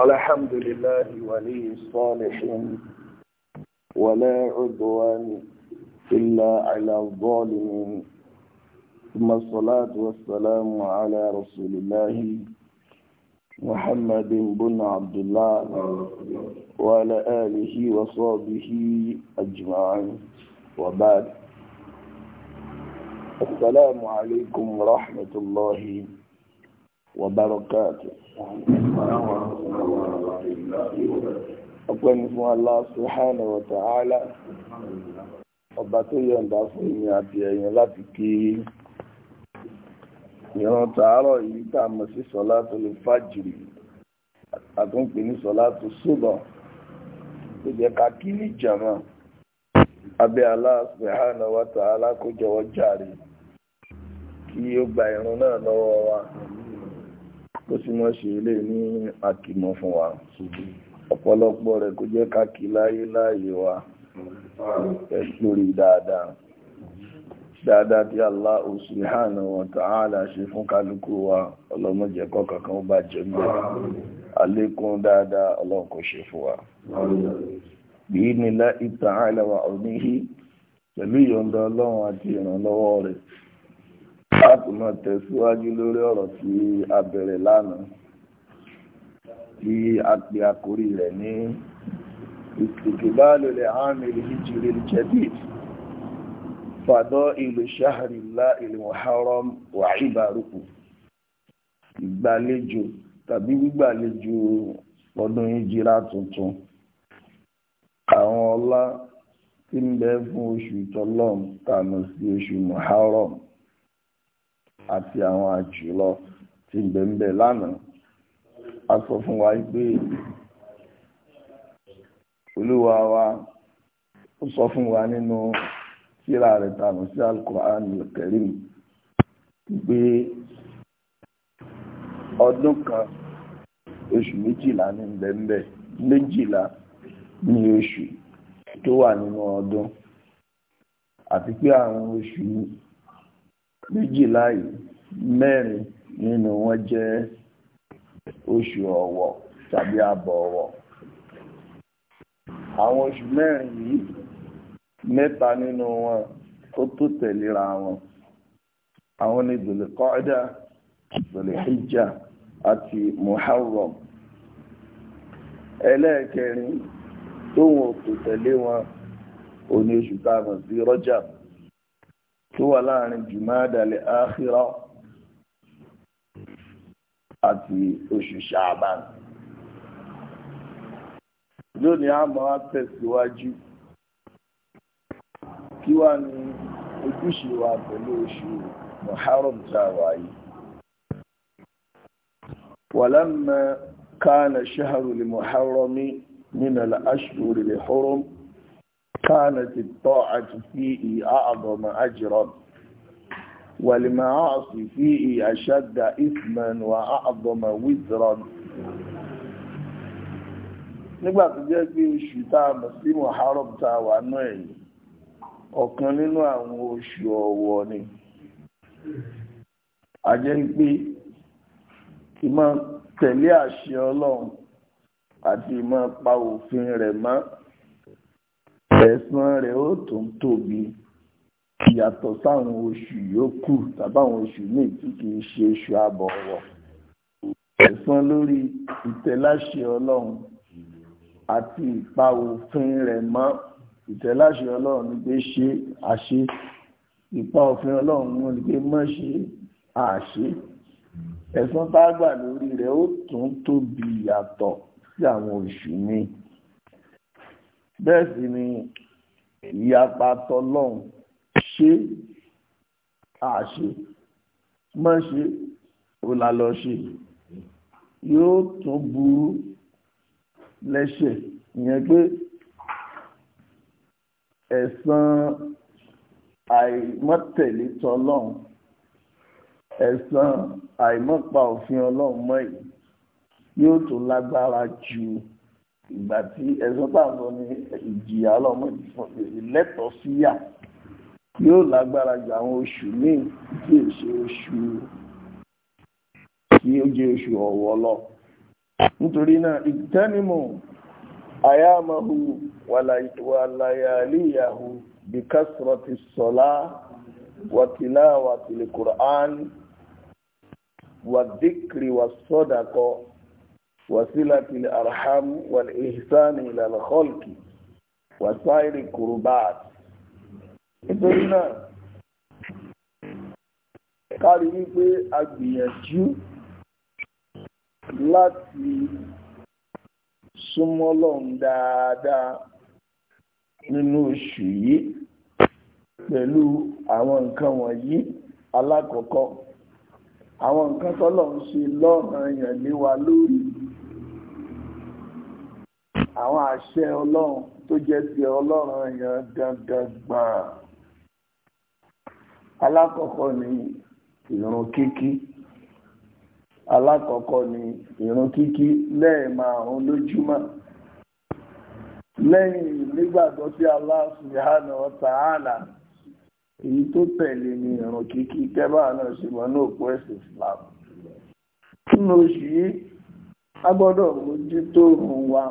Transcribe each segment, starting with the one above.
الحمد لله ولي الصالحين ولا عدوان إلا على الظالمين ثم الصلاة والسلام على رسول الله محمد بن عبد الله وعلى آله وصحبه أجمعين وبعد السلام عليكم ورحمة الله وبركاته ọpẹ́ ni fún Allah subhanahu wa ta'ala ọba tó yọ̀ǹda fún ìmì àti ẹ̀yìn láti kí ìran tààrọ̀ yìí tá mọ̀ sí sọ́látù lè fàjìrì àtúnpè ní tó ká kí ní jàmá abẹ́ Allah subhanahu wa ta'ala kó jọ̀wọ́ kó sì mọ́ ṣe ilé ní àkìmọ̀ fún wa ọ̀pọ̀lọpọ̀ rẹ̀ kó jẹ́ káàkì láyé láyé wa lórí dáadáa dáadáa tí Allah subhanahu fún kálukú wa ọlọ́mọjẹ́ kọ́kànkan bá jẹ́ mọ́ àlékún dáadáa ọlọ́run ṣe fún wa láti máa tẹ̀síwájú lórí ọ̀rọ̀ tí a bẹ̀rẹ̀ lánàá tí a pè àkórí rẹ̀ ní ìkìbálòlẹ̀ àmìlì hijiri jadid fàdọ́ ìlú ṣáhàrìlá ìlú haram wà ìbárùkù ìgbàlejò tàbí gbígbàlejò ọdún ìjírá tuntun àwọn ọlá tí ń bẹ fún oṣù tọ́lọ́m tàmí sí oṣù muharram àti àwọn àjùlọ tí ń bẹ̀ ń bẹ̀ lánàá a sọ fún wa pé olúwa wa ó sọ fún wa nínú síra rẹ̀ tànù sí Al-Qur'an Al-Karim pé ọdún kan oṣù méjìlá ní bẹ̀m̀bẹ̀ méjìlá ní oṣù tó wà nínú ọdún àti pé àwọn oṣù méjìlá yìí mẹ́rin nínú wọn jẹ́ oṣù ọ̀wọ̀ tàbí àbọ̀ ọ̀wọ̀ àwọn oṣù mẹ́rin yìí mẹ́ta nínú wọn ó tó tẹ̀léra wọn àwọn ni Dhul-Qa'da hijab ati àti Muharram ẹlẹ́ẹ̀kẹrin tó wọn kò tẹ̀lé wọn òní oṣù tá sí tó wà láàrin jùmọ́dàlẹ̀ áhírọ́ àti oṣù ṣàbán lónìí a máa tẹ̀síwájú kí wá ní ojúṣe wa pẹ̀lú oṣù muharram tàwa yìí wàlámà kánà ṣaharul muharrami min al-ashhur al-hurum كانت الطاعة فيه أعظم أجرا والمعاصي فيه أشد إثما وأعظم وزرا nígbà tó jẹ́ pé oṣù táa mọ̀ sí Muharram táa wà náà yìí ọ̀kan nínú àwọn oṣù ọ̀wọ̀ ni a jẹ́ pé ìmọ̀ tẹ̀lé àṣẹ Ọlọ́run àti ìmọ̀ pa òfin rẹ̀ mọ́ ẹ̀san rẹ̀ ó tó ń tóbi yàtọ̀ sáwọn oṣù yòókù tàbáwọn oṣù míì tí kì í ṣe oṣù àbọ̀wọ̀ ẹ̀san lórí ìtẹ̀láṣẹ ọlọ́run àti ìpa òfin rẹ̀ mọ́ ìtẹ̀láṣẹ ọlọ́run ní pé ṣe àṣe ìpa òfin ọlọ́run ní pé mọ́ ṣe àṣe ẹ̀san tá a gbà lórí rẹ̀ ó tún tóbi yàtọ̀ sí àwọn oṣù míì bẹ́ẹ̀ sì ni ìyapa tọlọ́run ṣe àṣe mọ́ ṣe ó la lọ ṣe yóò tún burú lẹ́ṣẹ̀ ìyẹn pé ẹ̀san àìmọ́tẹ̀lé tọlọ́run ẹ̀san àìmọ́pa òfin ọlọ́run mọ́ yìí yóò tún lágbára jù ú ìgbà tí ẹ̀sùn tààtọ̀ ni ìjìyà ọlọ́mọ ìlẹ́tọ̀ síyà yóò lágbára ju àwọn oṣù míì tí è ṣe oṣù tí ó jẹ́ oṣù ọ̀wọ̀ lọ nítorí náà ìtẹ́nimọ̀ àyàmọ̀hù wàlàyàlíyàhù bí ti sọ̀lá wàtíláwàtìlẹ̀ wàdíkìrì wàsọ́dàkọ̀ وصلة الأرحام والإحسان إلى الخلق وسائر القربات nítorí náà kárí wípé a gbìyànjú láti súnmọ́ Ọlọ́run dáadáa nínú oṣù yìí pẹ̀lú àwọn nǹkan wọ̀nyí alákọ̀ọ́kọ́ àwọn nǹkan tọ́lọ́run ṣe lọ́ranyàn lé wa lórí àwọn àṣẹ ọlọ́run tó jẹ́ ti ọlọ́run yẹn dandan gbà alákọ̀ọ́kọ́ ni ìrun kíkí alákọ̀ọ́kọ́ ni ìrun kíkí lẹ́ẹ̀márùn lójúmọ́ lẹ́yìn nígbàgbọ́ sí Allah subhanahu wa ta'ala èyí tó tẹ̀lé ni ìrun kíkí kẹ́bà náà ṣe mọ́ ní òpó ẹ̀sìn Islam nínú oṣù yìí a gbọ́dọ̀ mójútó òun wa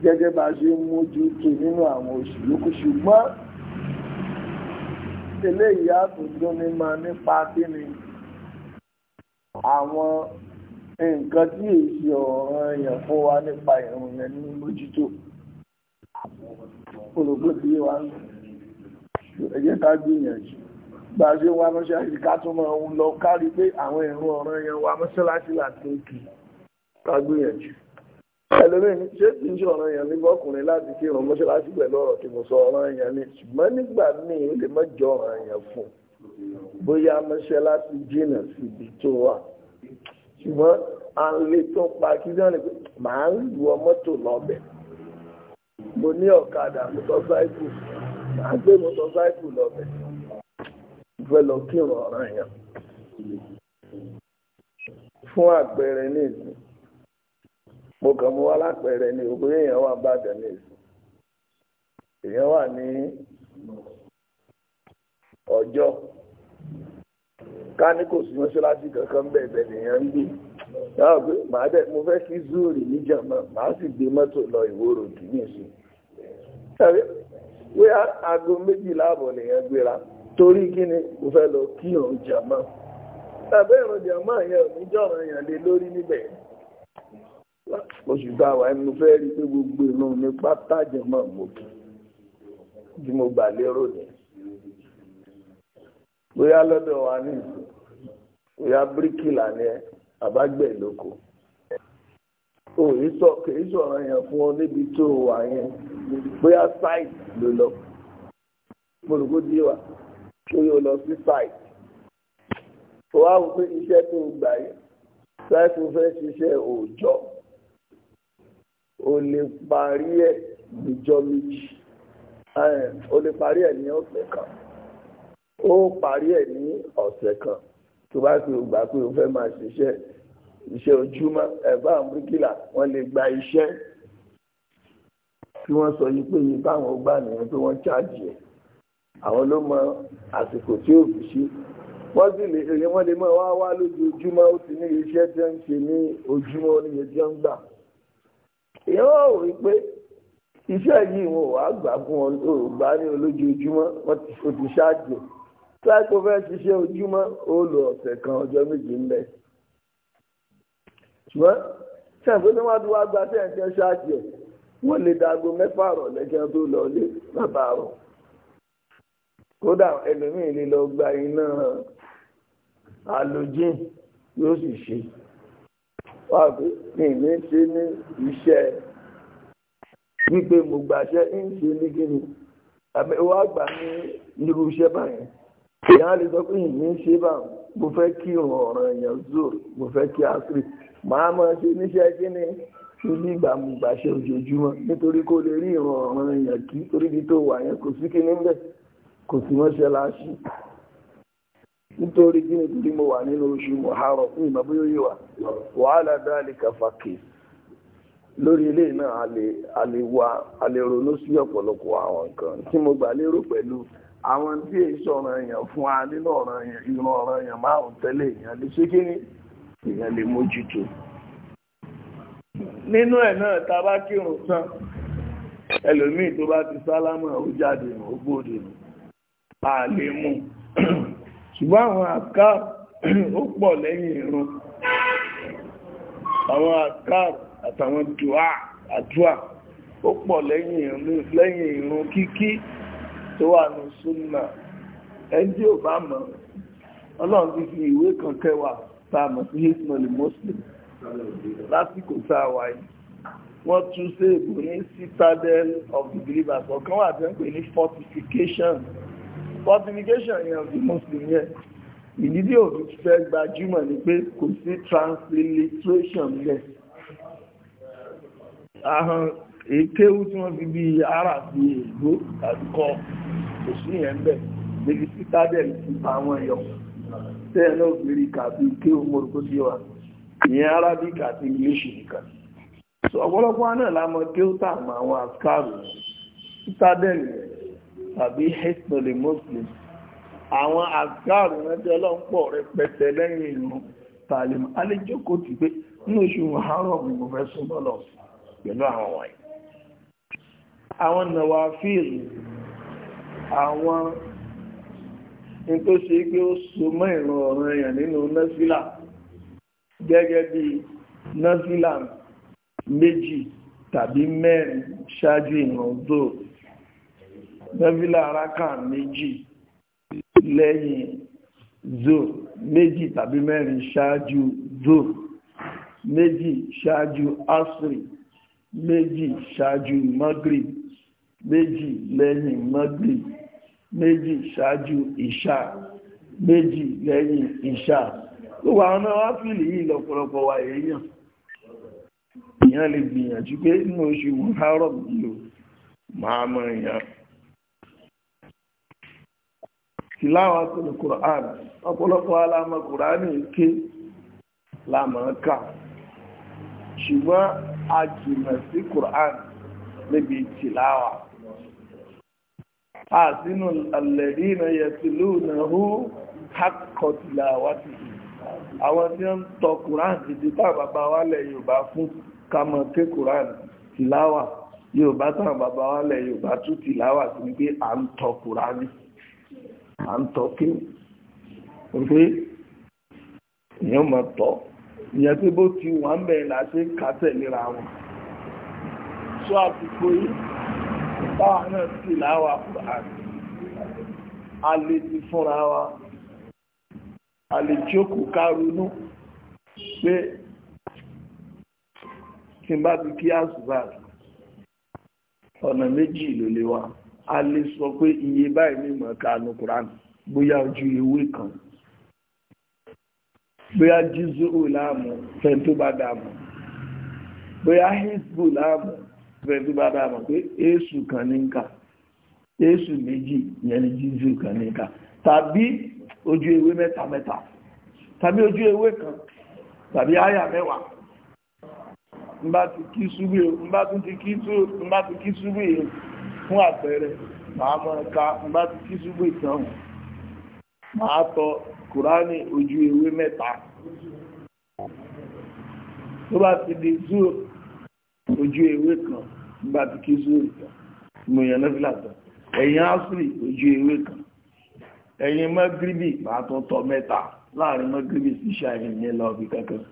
gẹ́gẹ́ bá ṣe ń mójú tó nínú àwọn oṣù yòókù ṣùgbọ́n eléyìí àtúntò ní máa nípa kí ni àwọn nǹkan tí èsì ọ̀ràn èèyàn fún wa nípa ìrùn yẹn ní mójútó olùgbò tí wà ń ẹ jẹ́ ká gbìyànjú bá ṣe wá mọ́ṣáláṣí ká tún máa ń lọ kárí pé àwọn ìrùn ọ̀ràn yẹn wá mọ́ṣáláṣí láti òkè ká gbìyànjú ẹlòmíín ní ṣé kì í ṣe ọ̀ràn èèyàn nígbà ọkùnrin láti kí ìrun mọ́ṣáláṣí pẹ̀lú ọ̀rọ̀ tí mo sọ ọ̀ràn èèyàn ni ṣùgbọ́n nígbà míì ó lè má jọ ọ̀ràn èèyàn fún bóyá mọ́ṣáláṣí jìnnà síbi tó wà ṣùgbọ́n à ń lè tó pa kí náà ni pé màá ń lu mọ́tò lọ́bẹ̀ mo ní ọ̀kadà mọ́tọ́sáìkù màá gbé mọ́tọ́sáìkù lọ́bẹ̀ fẹ́ lọ kí ìrun ọ̀ràn èèyàn fún àpẹẹrẹ ní ìsìn mo kàn mú wá lápẹẹrẹ ni òpin èèyàn wà bàdàn ní èsì èèyàn wà ní ọjọ́ ká ní kò sí mọ́ṣáláṣí kankan bẹ̀ẹ̀bẹ̀ nìyẹn ń gbé náà pé màá dẹ̀ mo fẹ́ kí zúrì níjàmọ́ màá sì gbé mọ́tò lọ ìwòrò kì ní èsì pé aago méjìlá àbọ̀ nìyẹn gbéra torí kí ni mo fẹ́ lọ kí òun jàmọ́ tàbí ìrìn jàmọ́ yẹn ò ní jọ̀ràn yẹn lé lórí níbẹ̀ yẹn oṣù tá a wà ẹnu fẹ́ rí pé gbogbo inú mi pátá jẹmọ́ mọ́kì bí mo gbà lérò ní bóyá lọ́dọ̀ wa ní bóyá bíríkìlà ni àbágbẹ̀ lóko o kìí sọ̀rọ̀ yẹn fún ọ níbi tó wà yẹn bóyá site ló lọ mo rò kó dé wa tó yóò lọ sí site o wá wò pé iṣẹ́ tó gbà yẹn site fẹ́ ṣiṣẹ́ òòjọ́ o lè parí ẹ̀ níjọ́ méjì o lè parí ẹ̀ ní ọ̀sẹ̀ kan ó parí ẹ̀ ní ọ̀sẹ̀ kan tó bá fi gbà pé o fẹ́ máa ṣiṣẹ́ iṣẹ́ ojúmọ́ ẹ̀bá àmúríkìlà wọ́n lè gba iṣẹ́ tí wọ́n sọ yí pé yí báwọn gbà nìyẹn pé wọ́n ṣáàjì ẹ̀ àwọn ló mọ àsìkò tí ò fi ṣí wọ́n sì lè èyí wọ́n lè mọ̀ wá wá lójoojúmọ́ ó ti ní iṣẹ́ tí wọ́n ń ṣe ní ojúmọ́ oníyẹ tí wọ́n ń gbà yóò rí pé iṣẹ́ yìí wọn ò wá gbà fún wọn tó gbà ní olójoojúmọ́ wọn ti fòtí ṣáàjò tíwájú tó fẹ́ ṣiṣẹ́ ojúmọ́ ó lo ọ̀sẹ̀ kan ọjọ́ méje ń bẹ̀. ṣùgbọ́n sẹ́ǹpé tí wọ́n ti wá gba sẹ́ǹtẹ́ ṣáàjò wọ́n lè dago mẹ́fà rọ̀ lẹ́jọ́ tó lọ lé bàbá rọ̀. kódà ẹlòmíì lè lọ gba iná halogen yóò sì ṣe wà pé mi ní ṣe ní iṣẹ́ wípé mo gbàṣẹ́ ń ṣe ní kíni àbí wà gbà ní irú iṣẹ́ báyẹn ìyá lè sọ pé ìní ṣe bá mo fẹ́ kí ìrùn ọ̀ràn èèyàn zoro mo fẹ́ kí asiri màá mọ ṣe níṣẹ́ kíni níbi ìgbà mo gbàṣẹ́ ojoojúmọ́ nítorí kó lè rí ìrùn ọ̀ràn èèyàn kí torí bí tó wà yẹn kò sí kíni ń kò sí mọ́ṣẹ́ láṣìí. nítorí kí ni torí mo wà nínú oṣù mọ̀hárọ̀ fún ìmọ̀bóyó yìí wà wàhálà fàkì lórí ilé náà a lè wá sí ọ̀pọ̀lọpọ̀ àwọn nǹkan tí mo gbà pẹ̀lú àwọn tí sọ̀rọ̀ èèyàn fún wa nínú ọ̀rọ̀ èèyàn ìran ọ̀rọ̀ èèyàn márùn tẹ́lẹ̀ èèyàn lè ṣe kíní èèyàn lè mójútó ta bá kírun tán ẹlòmíì tó bá ti sálámà ó jáde nù ṣùgbọ́n àwọn àkáàrù ó pọ̀ lẹ́yìn ìrun àwọn àkáàrù àtàwọn àdúà ó pọ̀ lẹ́yìn ìrun kíkí tó wà ní súnnà ẹjí ò bá mọ̀ ọlọ́run ti fi ìwé kan kẹwàá tààmọ̀ sí hisnoli muslim lásìkò sáàwà yìí wọ́n tún sí èbò ní citadel of the believers ọ̀kan wà tẹ́ ń pè ní fortification fortification yẹn ò fi muslim yẹn ìdí tí òfin fẹ́ gbajúmọ̀ ni pé kò sí transliteration lẹ̀ ahọ́n èkéwú tí wọ́n fi bí ara bí ègbó tàbí kọ kò sí yẹn bẹ̀ níbi citadel ti bá wọn yọ tẹ́ẹ̀ náà gbèrè kàbí kéwú mọ́rùkú sí wa ìyẹn arabic àti english So, I want to know la mọ̀ kéwú tààmà àwọn àkàrò citadel yẹn tàbí hesnoli muslim àwọn àgbàrù rántí ọlọ́run pọ̀ rẹpẹtẹ lẹ́yìn ìrun tààlìmù alẹ́jọ́kò ti pé ní oṣù muharram mo fẹ́ súnmọ́ lọ pẹ̀lú àwọn wọ̀nyí àwọn nawafil àwọn ní tó ṣe pé ó so mọ́ ìrun ọ̀ràn èèyàn nínú tàbí mẹ́rin ṣáájú ìrun dóòrò nẹ́fílà aráka meji lẹ́yìn zoro meji tàbí mẹ́rin ṣáájú zoro méjì ṣáájú asri méjì ṣáájú magrib méjì lẹ́yìn magrib méjì ṣáájú ìṣà méjì lẹ́yìn ìṣà gbogbo àwọn náà wá fìlì yìí lọ́pọ̀lọpọ̀ wà èèyàn èèyàn lè gbìyànjú pé inú oṣù muharram yìí máa mọ èèyàn tìláwà tó lè kùrán ọ̀pọ̀lọpọ̀ aláàmà kùránì ké láàmà ká ṣùgbọ́n a jìnà sí kùrán níbi tìláwà a sínú alẹ́rí na yẹtìlú na hú hákọ̀ tìláwà ti àwọn tí ó ń tọ kùrán títí tàbàbà wálẹ̀ Yorùbá fún kamọ̀ ké kùrán tìláwà Yorùbá tàbàbà wálẹ̀ Yorùbá tún tìláwà sí ní pé à ń tọ kùránì I'm talking pé èèyàn máa tọ́ ìyẹn tí bó ti wà ń bẹ̀rẹ̀ láti kásẹ̀ nira wọn sọ àsìkò yìí báwa náà sì láwà a lè ti fúnra wa a lè jókòó ká ronú pé tí n bá ti kí àsùbà ọ̀nà méjì ló lè wà a lè sọ pé iye báyìí ní mọ̀ọ́ká alukuran bóyá ojú ewé kan bóyá jízú láàmú fẹ́ tó bá dààmú bóyá hizbu láàmú fẹ́ tó bá dààmú pé èsù kan ní èsù méjì yẹn ni jízú kan ní nkà tàbí ojú ewé mẹ́ta mẹ́ta tàbí ojú ewé kan tàbí àyà mẹ́wàá ń kí súbí ń bá kí súbí ń fún àpẹẹrẹ màá mọ̀ ká bá ti kí ṣúgbò ìtàn màá tọ kùránì ojú ewé mẹ́ta tó bá ti di zúrò ojú ewé kan bá ti kí zúrò ìtàn mo yàn lọ́fílà tán ẹ̀yìn ásírì ojú ewé kan ẹ̀yìn mọ́gíríbì màá tún tọ mẹ́ta láàrin mọ́gíríbì sí ṣàyẹn yẹn lọ bí kankan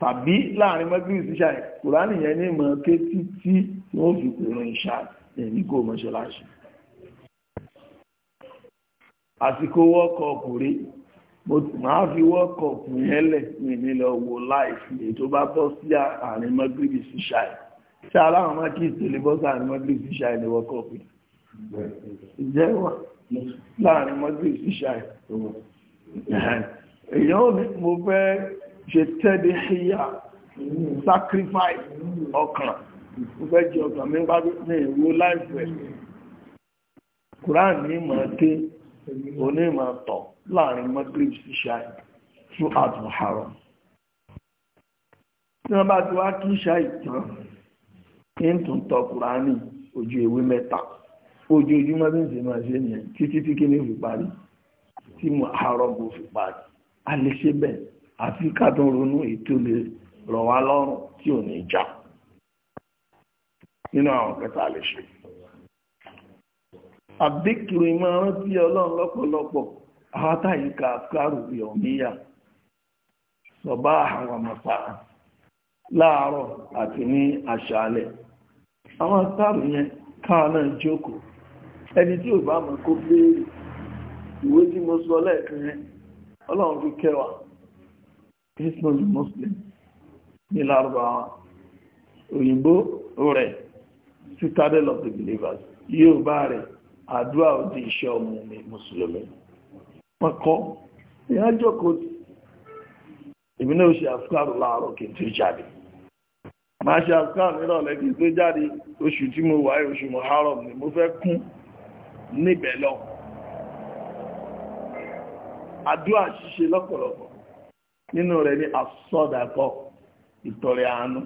tàbí láàrin mọ́gíríbì sí ṣàyẹn kùránì yẹn ní mọ̀ kétí tí wọ́n fi kùrọ̀ ìṣáàtì ní kò mọ́ṣáláṣí àsìkò wọ́kọ̀ọ̀pù rí máa fi wọ́kọ̀ọ̀pù yẹn lẹ̀ ní ìnílẹ̀ owó láìsí ètò bá bọ́ sí àárín mọ́gírìbì sí ṣáì tí aláwọn máa kí ìtòlè bọ́ sí àárín mọ́gírìbì sí ṣáì ní wọ́kọ̀ọ̀pù ìjẹ́wà láàrin mọ́gírìbì sí ṣáì èèyàn ò ní mo fẹ́ ṣe tẹ́lẹ̀ ṣíyà sacrifice ọkàn mo fẹ́ jẹ ọkàn mi wá ní ìwò láìpẹ́ Quran ní ìmọ̀ ké onímọ̀ tọ̀ láàrin Maghrib sí ṣáì fún àtúnhàrọ̀ tí wọ́n bá ti wá kí ṣáì tán ń tún tọ̀ Quran ojú ewé mẹ́ta ojoojúmọ́ bí n sì máa ṣe nìyẹn títí tí kí ní fi parí tí mo àárọ̀ bó fi parí a lè ṣe bẹ́ẹ̀ àfi ká tó ronú ètò lè rọ̀ wá lọ́rùn tí ò ní jà. nínú àwọn kẹta lè ṣe àbíkiri máa ọlọ́run lọ́pọ̀lọpọ̀ àwátàyíká kárù bí ọmíyà sọ̀bá àwọn mọ̀sá láàárọ̀ àti ní àṣálẹ̀ àwọn kárù yẹn káà náà ẹni tí ò bá mọ̀ kó béèrè ìwé tí mo sọ ọlọ́run citadel of the believers yóò bá rẹ̀ àdúrà òdí iṣẹ́ ọmọ mi mùsùlùmí wọ́n kọ́ ìyájọ́ kò ìbí náà ṣe àfikàrù láàárọ̀ kí n tó jáde máa ṣe àfikàrù nírọ̀lẹ́ kí n tó jáde oṣù tí mo wáyé oṣù Muharram ni mo fẹ́ kún níbẹ̀ lọ àdúrà ṣíṣe lọ́pọ̀lọpọ̀ nínú rẹ̀ ní àsọdàkọ ìtọrẹ àánú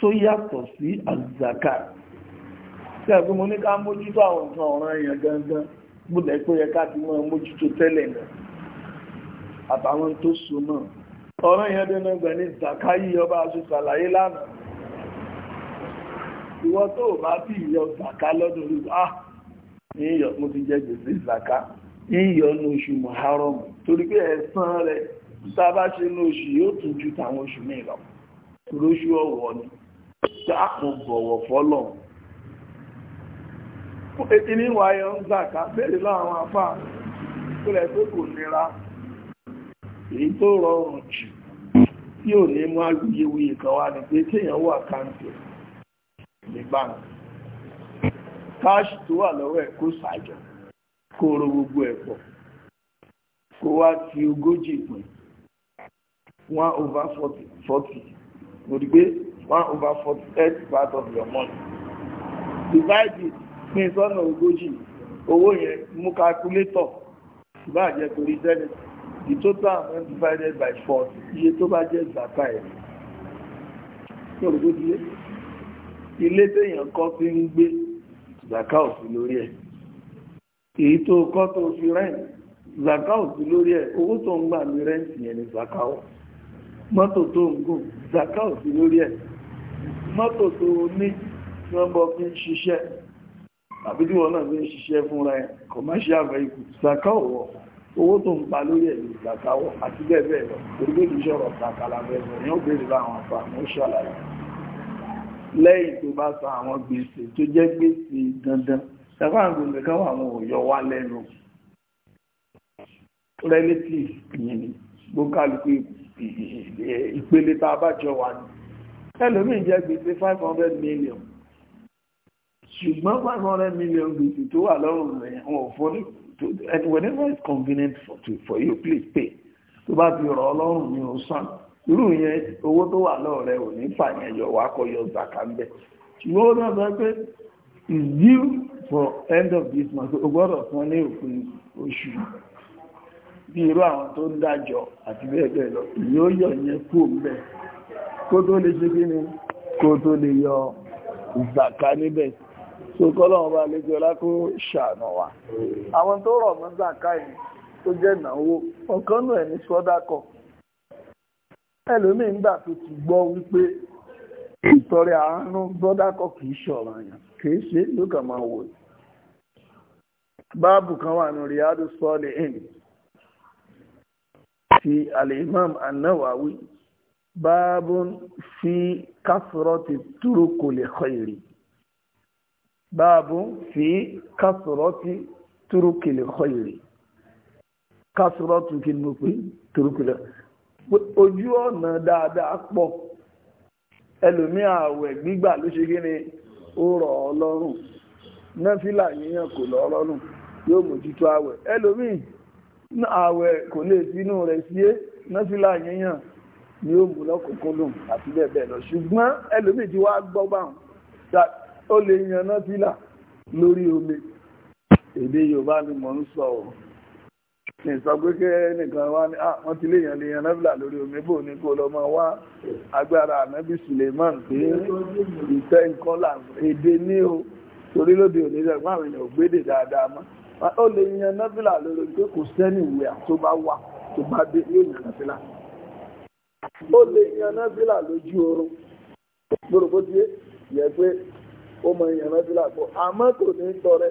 tó yàtọ̀ sí àzàkà tí a fún mo ní ká mójútó àwọn nǹkan ọ̀ràn èèyàn gangan gbọ́dẹ̀ pé yẹ ká ti mọ́ mójútó tẹ́lẹ̀ náà àtàwọn tó so náà ọ̀ràn èèyàn dẹ́nà gbẹ̀ ní zàkà yíyọ bá a ṣe ṣàlàyé lánàá ìwọ tó bá ti yọ zàkà lọ́dún rí ah yíyọ mo ti jẹ gbèsè zàkà yíyọ ní oṣù muharram torí pé ẹ̀san rẹ̀ tá a bá ṣe ní oṣù yóò tún ju tàwọn oṣù mìíràn lóṣù ọ̀wọ̀ ni dákun bọ̀wọ̀ fọ́lọ̀ ìní ìwà ayọ̀ ń zàkà béèrè láwọn afá tó rẹ̀ pé kò nira èyí tó rọrùn jù tí ò ní mú awuyewuye kan wá ní pé téèyàn wà káńtì ní báńkì káàṣì tó wà lọ́wọ́ ẹ̀ kó ṣàjọ kó ro gbogbo ẹ̀ pọ̀ kó wá ti ogójì pín one over forty forty mo rí pé one over forty-eight part of your money. Divide it pín sọ́nà ogójì owó yẹn mú calculator ìbá jẹ́ torí tẹ́lẹ̀ the total amount divided by four iye tó bá jẹ́ zaka ẹ̀. Sọ̀rọ̀gbọ́dúlé ilé téèyàn kọ́ fi ń gbé zaka ò sí lórí ẹ̀. Èyí tó kọ́ tó fi rent zaka ò lórí ẹ̀ owó tó ń gbà ní rent yẹn ni zaka ò. Mọ́tò tó ń gùn zaka ò lórí ẹ̀ mọ́tò tó ní tí wọ́n bọ́ fi ń ṣiṣẹ́ àbí tí wọ́n náà fi ń ṣiṣẹ́ fúnra ẹ̀ commercial vehicle ṣàkà ọ̀wọ́ owó tó ń pa lórí ẹ̀lú ìgbàkà wọ̀ àti bẹ́ẹ̀ bẹ́ẹ̀ lọ orílẹ̀-èdè ìṣọ̀rọ̀ kàkàlà bẹ́ẹ̀ lọ yóò béèrè láwọn àǹfààní ó ṣàlàyé lẹ́yìn tó bá relative yìí gbókàlùkù ìpele tá wà ní ẹlòmíì jẹ gbèsè five hundred million ṣùgbọ́n five hundred million gbèsè tó wà lọ́rùn rẹ̀ wọn fọ́ ní and whenever it's convenient for, to, for you please pay tó bá ti rọ̀ ọ́ lọ́rùn ni ó san irú yẹn owó tó wà lọ́rùn rẹ̀ ò ní fà yẹn yọ wá yọ zàkà ń bẹ̀ ṣùgbọ́n ó náà sọ pé is due for end of this month o gbọ́dọ̀ san ní òpin oṣù bí irú àwọn tó ń dájọ́ àti bẹ́ẹ̀ bẹ́ẹ̀ lọ yóò yọ yẹn kú òun bẹ́ẹ̀ kó tó lè ṣe kíni kó tó lè yọ zaka níbẹ̀ so kọ́lọ̀wọ́n bá lè jọ lákó ṣàánà wa àwọn tó rọ̀ mọ́ zaka yìí tó jẹ́ ìnáwó ọ̀kan náà ní sọ́dákọ̀ ẹlòmíì ń gbà tó ti gbọ́ wípé ìtọrẹ àánú sọ́dákọ̀ kì í ṣọ̀rọ̀ àyàn kì í ṣe ló imam nawawi báàbùn في kásùrọ̀tì túrùkù lè khairi báàbùn fi kásùrọ̀tì túrùkù lè khairi kásùrọ̀tì kí ni mo pè túrùkù lè ojú ọ̀nà dáadáa pọ̀ ẹlòmíà àwẹ̀ gbígbà ló ṣe kí ni ó rọ̀ ọ́ lọ́rùn náfìlà yíyan kò lọ́ lọ́rùn yóò mójútó àwẹ̀ ẹlòmíì àwẹ̀ kò lè sínú rẹ̀ síé náfìlà yíyan ni ó mú lọ́kùnkúndùn àti bẹ́ẹ̀ bẹ́ẹ̀ lọ ṣùgbọ́n ẹlòmíì ti wá gbọ́ báwọn ó lè yanná fílà lórí omi èdè yorùbá ni mò ń sọ ọ́ ní ìsọgbékẹ́ nìkan wá ní àwọn tí léèyàn lè yanná fílà lórí omi bò ní kó lọ́mọ wá agbára ànábì suleiman pé ìtẹ́ nǹkan là èdè ní o torí lóde òní ẹgbẹ́ àwọn èèyàn gbédè dáadáa mọ́ ó lè yanná fílà lórí omi pé kò sẹ́ni ìwé àtó bá wà tó bá dé yóò yanná fílà. ó lè yan náfìlà lójú oorun gbòrògbòdìé yẹ pé ó mọ yan náfìlà pọ̀ àmọ́ kò ní tọrẹ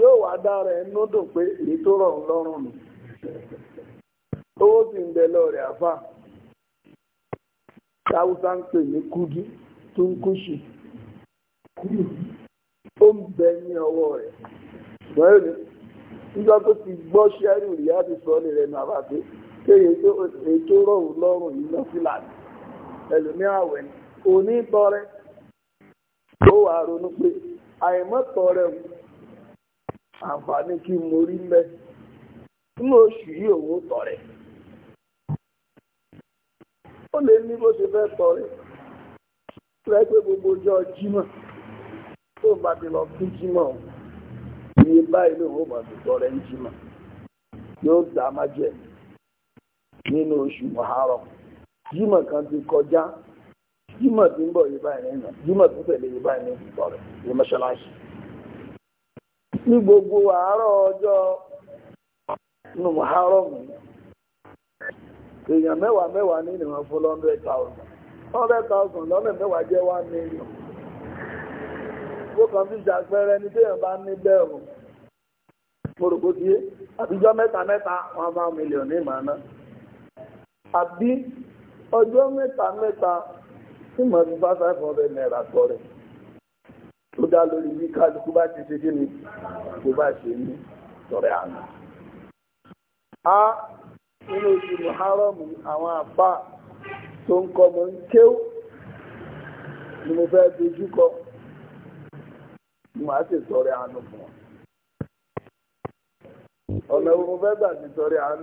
yóò wá dára ẹnu dùn pé èyí tó rọ̀ ń nù owó sì ń bẹ lọ́ọ̀rẹ́ àfà táwùsá ń pè ní kúdú tó ń ó ń bẹ ní ọwọ́ rẹ̀ ṣùgbọ́n yóò ní nígbà tó ti gbọ́ ṣẹ́rù rí nù kéye tó ètò rọrùn lọ́rùn yìí lọ sí làdì ẹlòmí àwẹ̀ òní tọrẹ ó wàá ronú pé àìmọ́ tọrẹ àǹfààní kí mo rí mbẹ nínú oṣù yìí òun tọrẹ ó lè ní bó ṣe fẹ́ tọrẹ rẹ pé gbogbo ọjọ́ jímọ̀ tó bá ti lọ fún jímọ̀ òun iye báyìí lòun ó bá tọrẹ ń jímọ̀ yóò dá májẹ̀mú. nínú oṣù Muharram jímọ̀ kan ti kọjá jímọ̀ tí ń bọ̀ yìí báyìí nínú jímọ̀ tó tẹ̀lé yìí báyìí nínú ìbọ̀rẹ̀ ní mọ́ṣáláṣí ní gbogbo àárọ̀ ọjọ́ nínú Muharram èèyàn mẹ́wàá mẹ́wàá ní ìrìnà fún lọ́nà mẹ́wàá jẹ́ fi ní téèyàn bá ní bẹ́ẹ̀rù àbí ọjọ́ mẹ́ta mẹ́ta tí mo fi bá five hundred naira tó dá lórí bí kálukú bá ti ṣe kí ni kó bá ṣe ní tọrẹ àná. a nínú oṣù muharram àwọn àbá tó ń kọ́ mọ́ ń kéwù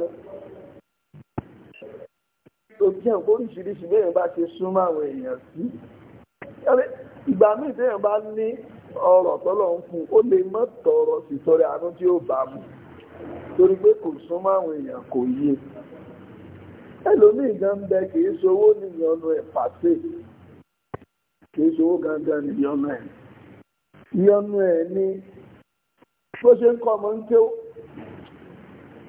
ni mo tó jẹ́ nǹkan oríṣiríṣi bẹ́ẹ̀ bá ṣe súnmọ́ àwọn èèyàn sí ìgbà míì tẹ́yàn bá ní ọrọ̀ tọ́lọ̀ ń fún ó lè mọ́ tọrọ sí tọrẹ àánú tí ó bá mú torí pé kò súnmọ́ àwọn èèyàn kò yé ẹlòmíì gan bẹ kìí sowó níyanu ẹ̀ pàṣẹ kìí sowó gangan níyanu ẹ̀ níyanu ẹ̀ ni bó ṣe ń kọ́ ọmọ ń kéwọ́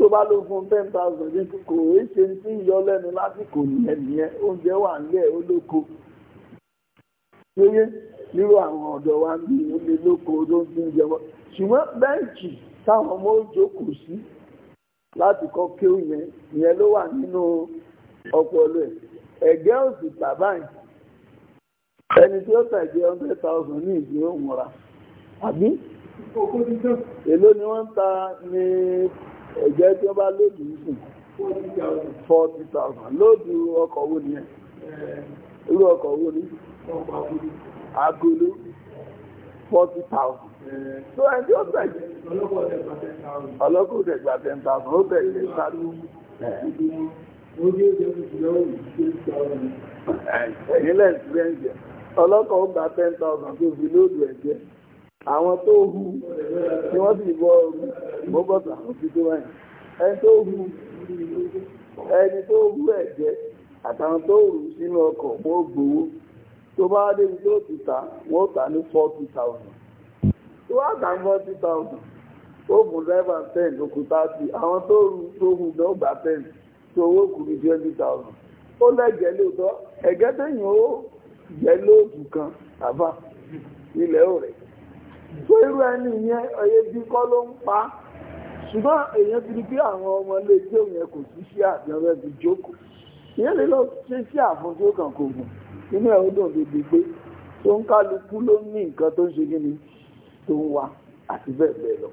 tó bá ló fún ten thousand ní kò èyí ṣe ń tí ń yọ lẹ́nu lásìkò nìyẹn nìyẹn oúnjẹ wà nílẹ̀ ó lóko lóye nírú àwọn ọ̀dọ́ wa ní ilé lóko ló ń dín jẹun ṣùgbọ́n bẹ́ǹkì táwọn ọmọ òjòkó sí láti kọ́ kéwù yẹn ìyẹn ló wà nínú ọpọlọ ẹ̀ ẹ̀gẹ́ òsì tàbáyì ẹni tí ó tẹ̀jẹ́ hundred thousand ní ìdí òun ra àbí èló ni wọ́n ń ta ní ẹ̀jẹ̀ tí wọ́n bá lóòdù 40,000 lóòdù ọkọ̀ owó ni ẹ̀ irú ọkọ̀ owó ni agolo 40,000 tó ẹni tí ó bẹ̀jẹ̀ ọlọ́kọ̀ òdẹ̀ gba 10,000 ó bẹ̀jẹ̀ sáré ẹ̀yìn lẹ́sìn ọlọ́kọ̀ ó gba 10,000 tó fi lóòdù ẹ̀jẹ̀ àwọn tó hu ni wọ́n sì bọ́ mọ́gọ́ta òfin tó wáyé ẹni tó hu ẹni tó hu ẹ̀jẹ̀ àtàwọn tó rù sínú ọkọ̀ wọ́n gbowó tó bá débi tó ti ta wọ́n ní forty thousand tó wá ta ní forty thousand ó mú dẹ́rẹ́bà ten lókù àwọn tó tó hu ten tó owó kù ní kan àbá ilẹ̀ tó irú ẹni yẹn ọyẹ bí kọ́ ló ń pa ṣùgbọ́n èyàn ti rí bí àwọn ọmọ ilé tí òun yẹn kò sí sí àjọyọ̀ ẹbí jókòó ìyẹn lè lọ ṣe sí àfún tí ó kàn kò gùn nínú ẹ̀ ó dùn débi pé tó ń kálukú ló ní nǹkan tó ń ṣe kí ni tó ń wá àti bẹ́ẹ̀ bẹ́ẹ̀ lọ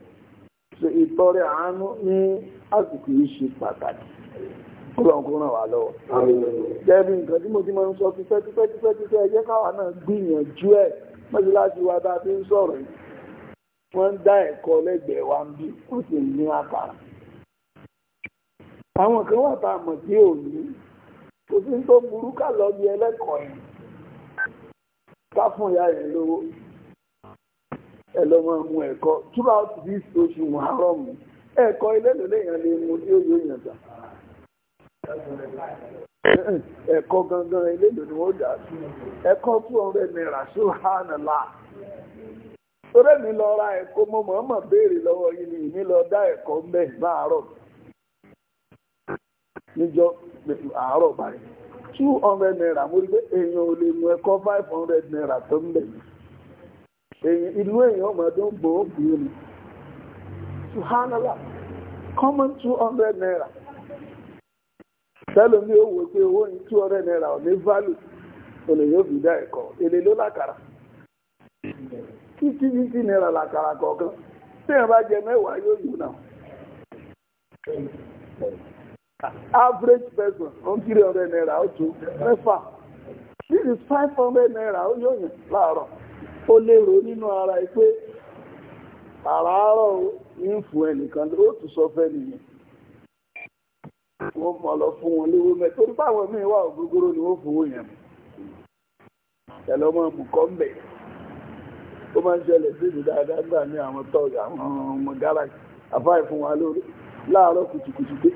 ìtọrẹ àánú ní àsìkò yìí ṣe pàtàkì kúrọ̀kú ràn wá lọ́wọ́. Jẹ́bi nǹkan tí mo ti máa ń sọ ti pẹ́ ẹjẹ́ káwa náà gbìyànjú ẹ̀ mọ́síláṣí wa bá fi ń sọ̀rọ̀ yìí. wọ́n dá ẹ̀kọ́ lẹ́gbẹ̀ẹ́ wa bí sì ní àkàrà àwọn kan wà tá a mọ̀ sí òní kò sí tó burú ká lọ bí ẹlẹ́kọ̀ọ́ yẹn ká fún ìyá rẹ̀ lówó ẹ lọ máa mu ẹ̀kọ́ oṣù ẹ̀kọ́ ilé lè mu tí torí mi lọ ra ẹ̀kọ́ mo mọ̀ọ́mọ̀ béèrè yìí ni mi lọ dá ẹ̀kọ́ mbẹ́ láàárọ̀ níjọ àárọ̀ báyìí two hundred naira mo rí pé èèyàn ò lè mú five hundred naira tó ń bẹ̀ èèyàn ìlú èèyàn ọmọdé ń ni two hundred naira tẹ́lómi ó wò pé owó yìí two hundred naira ò ní value yóò fi dá èlé ló lákàrà. fifty fifty naira làkàrà kọ̀ọ̀kan téèyàn bá jẹ mẹ́wàá yóò yù náà average person ó ń three hundred naira ó tó mẹ́fà this is five hundred naira ó yóò yàn láàárọ̀ ó lérò nínú ara ẹ pé àràárọ̀ ní fún ẹnìkan ó tún sọ fẹ́ nìyẹn wọ́n mọ̀ lọ fún wọn léwó mẹ́ torí báwọn míì wà ògógóró ni wọ́n fowó yẹn ẹ̀ lọ́mọ bùkọ́ ń bẹ̀rẹ̀ ó máa ń ṣẹlẹ̀ sí ìlú dáadáa gbà ní àwọn tọ́ọ̀gì àwọn ọmọ gáràjì àfáì fún wa lórí láàárọ̀ kùtùkùtù pé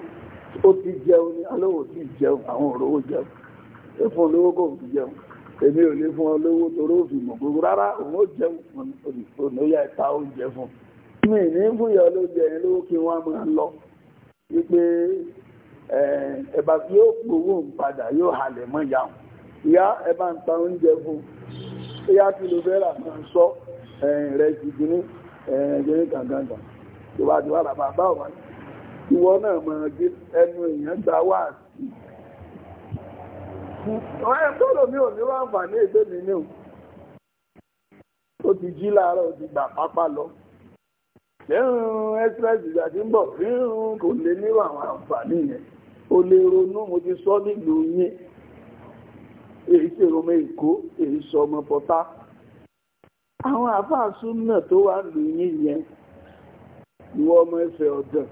ó ti jẹun ní alówó ti jẹun àwọn òrówó jẹun ó fún olówó kò fi jẹun èmi ò lè fún olówó toró òfin mọ̀ gbogbo rárá òun ó jẹun òun ó yá ìta oúnjẹ fún mi ní fún ìyá olóúnjẹ yẹn lówó kí wọ́n máa lọ wípé ẹ̀bà tí yóò gbowó ń padà yóò halẹ̀ mọ́ ìyá ìyá ẹ̀bà ń ta oúnjẹ fún ìyá kìlófẹ́rà máa ń sọ ìrẹsì gíní ẹ̀ẹ́gbẹ̀rẹ̀ gàngàngà tó bá ti wá bàbá bá wà ìwọ náà mọ̀ ẹnu èèyàn gba wà sí ọ̀rẹ́ tó lò mí ò ní wá àǹfààní o ó ti jí láàárọ̀ ó ti gbà pápá lọ lẹ́rùn ẹ́sírẹ́sì ìgbà tí ń bọ̀ rírun kò lè nírò àwọn àǹfààní yẹn o lè ronú mo ti sọ nílùú yín èyí ṣèrò ọmọ èkó èyí sọ ọmọ pọtá àwọn àfáà súnà tó wà lù yín yẹn ìwọ ọmọ ẹsẹ̀ ọ̀dàn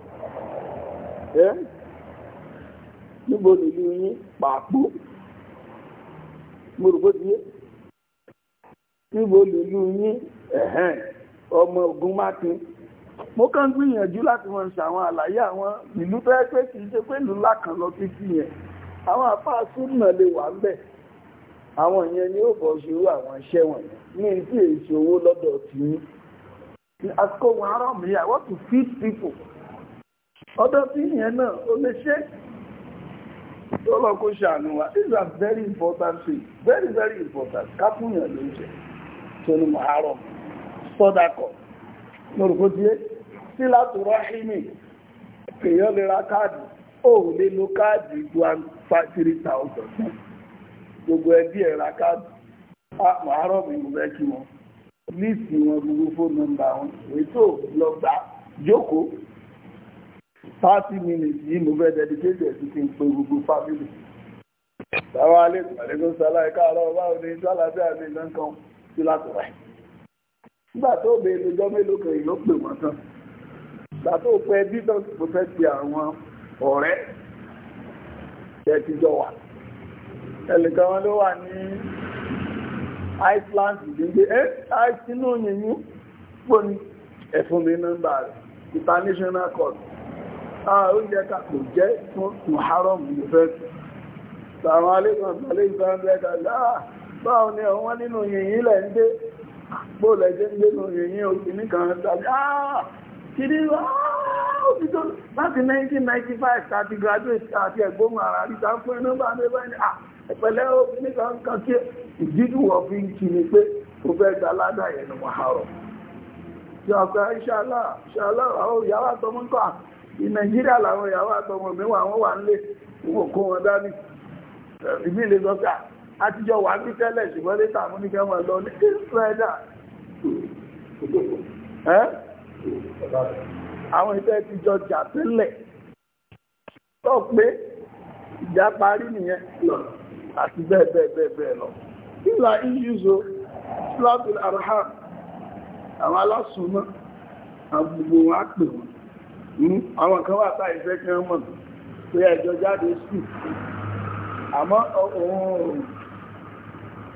ẹ́ níbo nílùú yín pàpó mo rò bó ti yé níbo nílùú yín ẹ̀hẹ́n ọmọ ogun mákin mo kàn gbìyànjú láti wọn ṣàwọn àlàyé àwọn ìlú tó ẹ pé kì í ṣe pé ìlú ńlá lọ títí yẹn àwọn àfáà súnà lè wà ń àwọn ìyẹn ni ó bọ̀ ṣerú àwọn iṣẹ́ wọ̀nyí ní ìdí èsì owó lọ́dọ̀ tí ní àsìkò wọn ará mi I want to feed people ọdọ tí ìyẹn náà ó lè ṣe tó lọ kó ṣàánú wa these are very important things very very important kápúnyàn ló ń jẹ tó ní mọ̀ àárọ̀ sọ́dàkọ̀ lórúkọ díẹ̀ sí láti rọ́ṣímì èèyàn lè ra káàdì ó lè lo káàdì ju 5000 gbogbo ẹbí ẹ̀ ra káàdì àárọ̀ mi mo fẹ́ kí wọn líìsì wọn gbogbo fóònù nọ́mbà wọn ètò lọ gbà jókòó thirty minutes yìí mo fẹ́ dedicate ẹ̀ sí kí n pe gbogbo family. Báwo alẹ́ ìpàdé tó sálá ẹ̀ka àárọ̀ báwo ni sálàbí àmì ìlànà kan sí látọ̀rọ̀ ẹ̀ nígbà tó bẹ ẹjọ́ mélòó kan yìí ló pè wọ́n tán ìgbà tó pẹ́ bí tó fẹ́ ti àwọn ọ̀rẹ́ tẹ́tíjọ́ wà ẹ̀lẹ̀kẹ́ wọn ló wà ní Iceland ìdígbé ẹ́ òyìnbó pò ní nọ́mbà rẹ̀ international court kò jẹ́ fún muharram university sàwọn alẹ́gbọ̀n tàlẹ́ ìfẹ́ǹdẹ́ta nínú ah, ah, ah, láti 1995 graduate ara bá ẹ̀pẹ̀lẹ́ obìnrin kan kan kí ìdídùwọ̀ fi ń kí ni pé ó fẹ́ gba aládà yẹn ní wàhálà tí ọ̀pẹ́ ṣàlá ṣàlá àwọn ìyàwó àtọmọ nǹkan ní nàìjíríà làwọn ìyàwó àtọmọ mẹ́wàá wọn wà nílé wọn kó wọn dání ìbí ilé sọ pé àtijọ́ wà ní tẹ́lẹ̀ ṣùgbọ́n létà mú ní kẹ́mọ̀ lọ ní ìsúrẹ́dà àwọn ìfẹ́ ti jọ jà tẹ́lẹ̀ tó pé ìjà parí nìyẹn àti bẹ́ẹ̀ bẹ́ẹ̀ bẹ́ẹ̀ bẹ́ẹ̀ lọ ìlà ìyízo slabil arham àwọn alásùnmọ́ àgbùgbò wọn á pè wọn hmm? àwọn kan wà tá ìfẹ́ kí wọ́n mọ̀ pé ẹjọ́ jáde sí àmọ́ ọ̀hún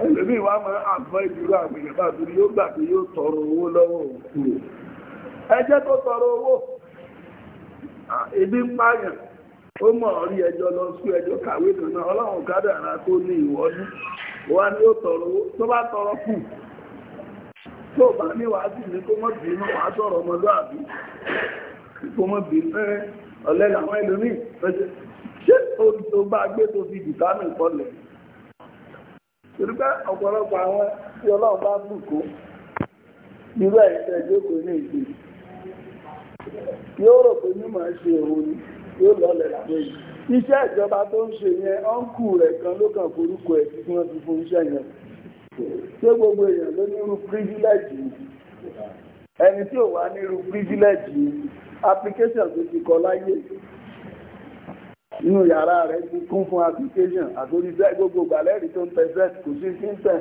ẹlòmíì wá máa àgbọ́ ìdúró àwọn èèyàn bá yóò gbà pé tọrọ owó lọ́wọ́ òkú ẹjẹ́ tó tọrọ owó ebi ń pààyàn ó mọ̀ orí ẹjọ́ lọ sí ẹjọ́ kàwé kan náà ọlọ́run kádàrá ní ìwọ́dún wá ó tọrọ tó bá tọrọ kù tó bá ní wàá sì ní kó mọ̀ bínú wàá sọ̀rọ̀ ọmọlúàbí kó mọ̀ bínú làwọn ẹlòmíì ṣé tó bá gbé tó fi dìtánì kọlẹ̀ torípé ọpọlọpọ àwọn tí ọlọrun bá bùkún irú ẹ̀ṣẹ̀ ìjókòó ní yóò lọ́lẹ̀ lábẹ́ yìí iṣẹ́ ìjọba tó ń ṣe yẹn ọ́nkù rẹ̀ kan ló kàn forúkọ ẹ̀ tí wọ́n ti fún iṣẹ́ yẹn ṣé gbogbo èèyàn ló nírú pírígílẹ́jì ẹni tí ò wá nírú pírígílẹ́jì application tó ti kọ láyé inú yàrá rẹ̀ ti kún fún application àtòrí gbogbo gbàlẹ́rì tó ń tẹ zet kò sí sí ń tẹ̀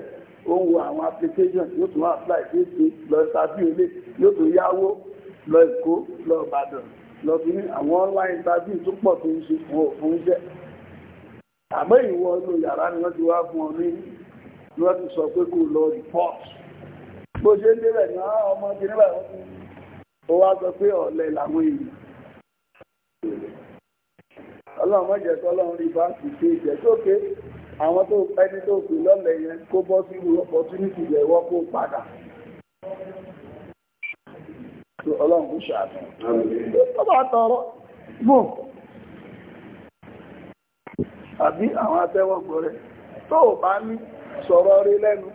ó ń wo àwọn application yóò tún apply sí ètò lọ sábì olè yóò tún yáwó lọ Èkó lọ Ìbàdàn lọ fi ní àwọn online interview tó pọ̀ tó ń ṣe fún òfin iṣẹ́ àmọ́ ìwọ inú yàrá ni wọ́n ti wá fún ọ ní ni wọ́n ti sọ pé kò lọ report bó ṣe ń débẹ̀ ní ah, ọmọ ti níbẹ̀ wọ́n ti ó wá sọ pé ọ̀lẹ làwọn èèyàn ọlọ́run mọ̀jẹ̀ tó ọlọ́run rí bá sì ṣe ìjẹ́ sókè àwọn tó ẹni tó pè lọ́lẹ̀ yẹn kó bọ́ sí opportunity rẹ̀ wọ́n kó padà tó ọlọ́run kú ṣàfihàn tó bá tọrọ bò àbí àwọn atẹ́wọ̀gbọ̀ rẹ̀ tó bá ní sọ̀rọ̀ rí lẹ́nu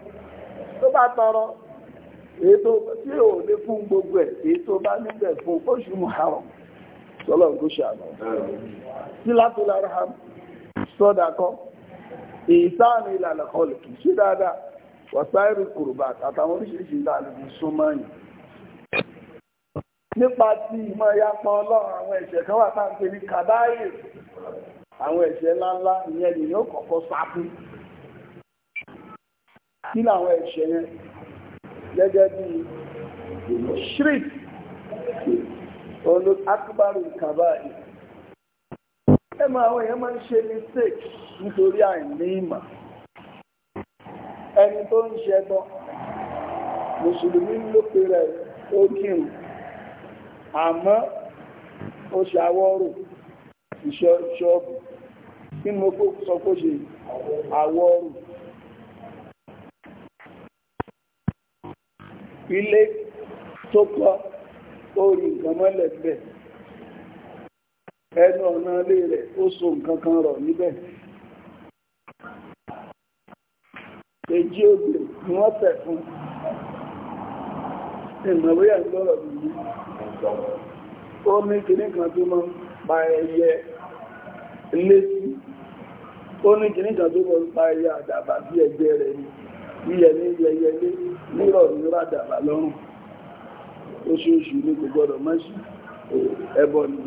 tó bá tọrọ ètò tí ò lè fún gbogbo ẹ̀ ètò bá níbẹ̀ fún oṣù muharram tọ́lọ̀n kó ṣàmọ̀ sí látọ́lá ìlànà kọlùkì sí dáadáa wàsáìrì kùrùbà àtàwọn oríṣiríṣi ìlànà ìsúnmọ́yìn nípa ti ìmọ̀ ìyapa ọlọ́run àwọn ẹ̀ṣẹ̀ kan wà tá à ń kàbáyé àwọn ẹ̀ṣẹ̀ ńláńlá ìyẹn nìyẹn ó kọ́kọ́ sáfún kí àwọn ẹ̀ṣẹ̀ yẹn gẹ́gẹ́ bí shrik olú akúbárù kàbáyé ẹ máa àwọn èèyàn máa ń ṣe mistake nítorí àìní ìmọ̀ ẹni tó ń mùsùlùmí ló pe àmọ́ ó ṣàwọ́rò ìṣọ́ọ̀bù kí mo kó sọ kó ṣe àwọ́rò ilé tó kọ́ orí nǹkan mọ́lẹ̀ bẹ̀ ẹnu ọ̀nà ilé rẹ̀ ó so nǹkan kan rọ̀ níbẹ̀ èjì ògbè ni wọ́n tẹ̀ fún ìmọ̀wé ẹ̀ nìyí ó ní kìní kan tó mọ́ pa ẹyẹ lésì ó ní kìní kan tó mọ́ pa ẹyẹ àdàbà sí ẹgbẹ́ rẹ̀ ni yíyẹ ní yẹyẹ lé nírọ̀ nírọ̀ àdàbà lọ́rùn oṣooṣù ní kò gbọ́dọ̀ mọ́ṣù ẹbọ ni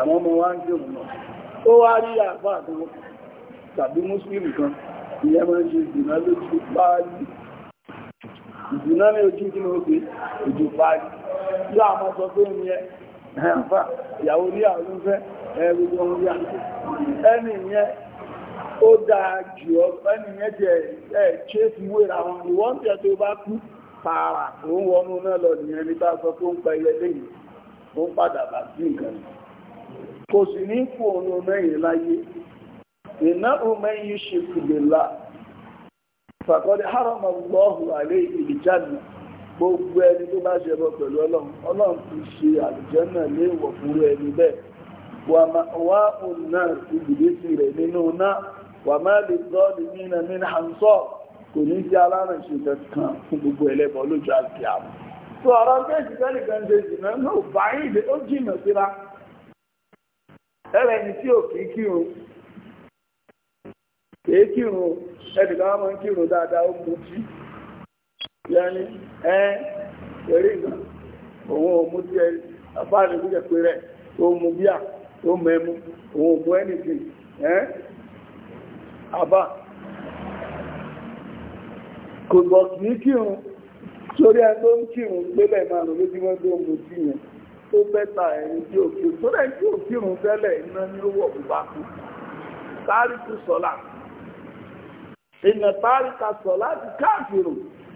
àwọn ọmọ wa ń jẹun náà ó wá rí àpá kan tàbí mùsùlùmí kan ìyẹn máa ń ṣe ìdùnná lójú páálí ìdùnná ní ojú kí ló pé ojú páálí yóò àmọ́ sọ pé ní ẹ ẹ̀fà ìyàwó ní àwọn fẹ́ ẹ̀rù wọn ẹni yẹn ó dáa jù ọ ẹni yẹn jẹ ẹ̀ ṣe ti wéra wọn ìwọ́n tó bá kú tààrà tó ń wọnú náà lọ nìyẹn ní bá sọ pé ó ń pa lẹ́yìn ó ń padà bá sí nǹkan kò sì ní mẹ́yìn láyé ṣe àlẹ́ gbogbo ẹni tó bá pẹ̀lú ọlọ́run ọlọ́run ti ṣe àlùjẹ́ náà ẹni bẹ́ẹ̀ wà òun náà rẹ̀ nínú náà wà má lè gọ́ọ̀dì nínú nínú àǹsọ́ kò ní sí fún gbogbo ẹlẹ́bọ̀ lójú àti àmọ́. tó ọ̀rọ̀ ó síra tí ò kí kírun kì í kírun lẹ́ni ẹ́ eré ìgbà òun ò mú tí ẹ afáàlì tó jẹ́ pé rẹ̀ tó mú bíà tó ẹnìtì àbá kò kìí kírun sórí ẹ tó ń kírun máa lò tó mú yẹn tó ẹni tí kírun tó tí kírun iná ní kú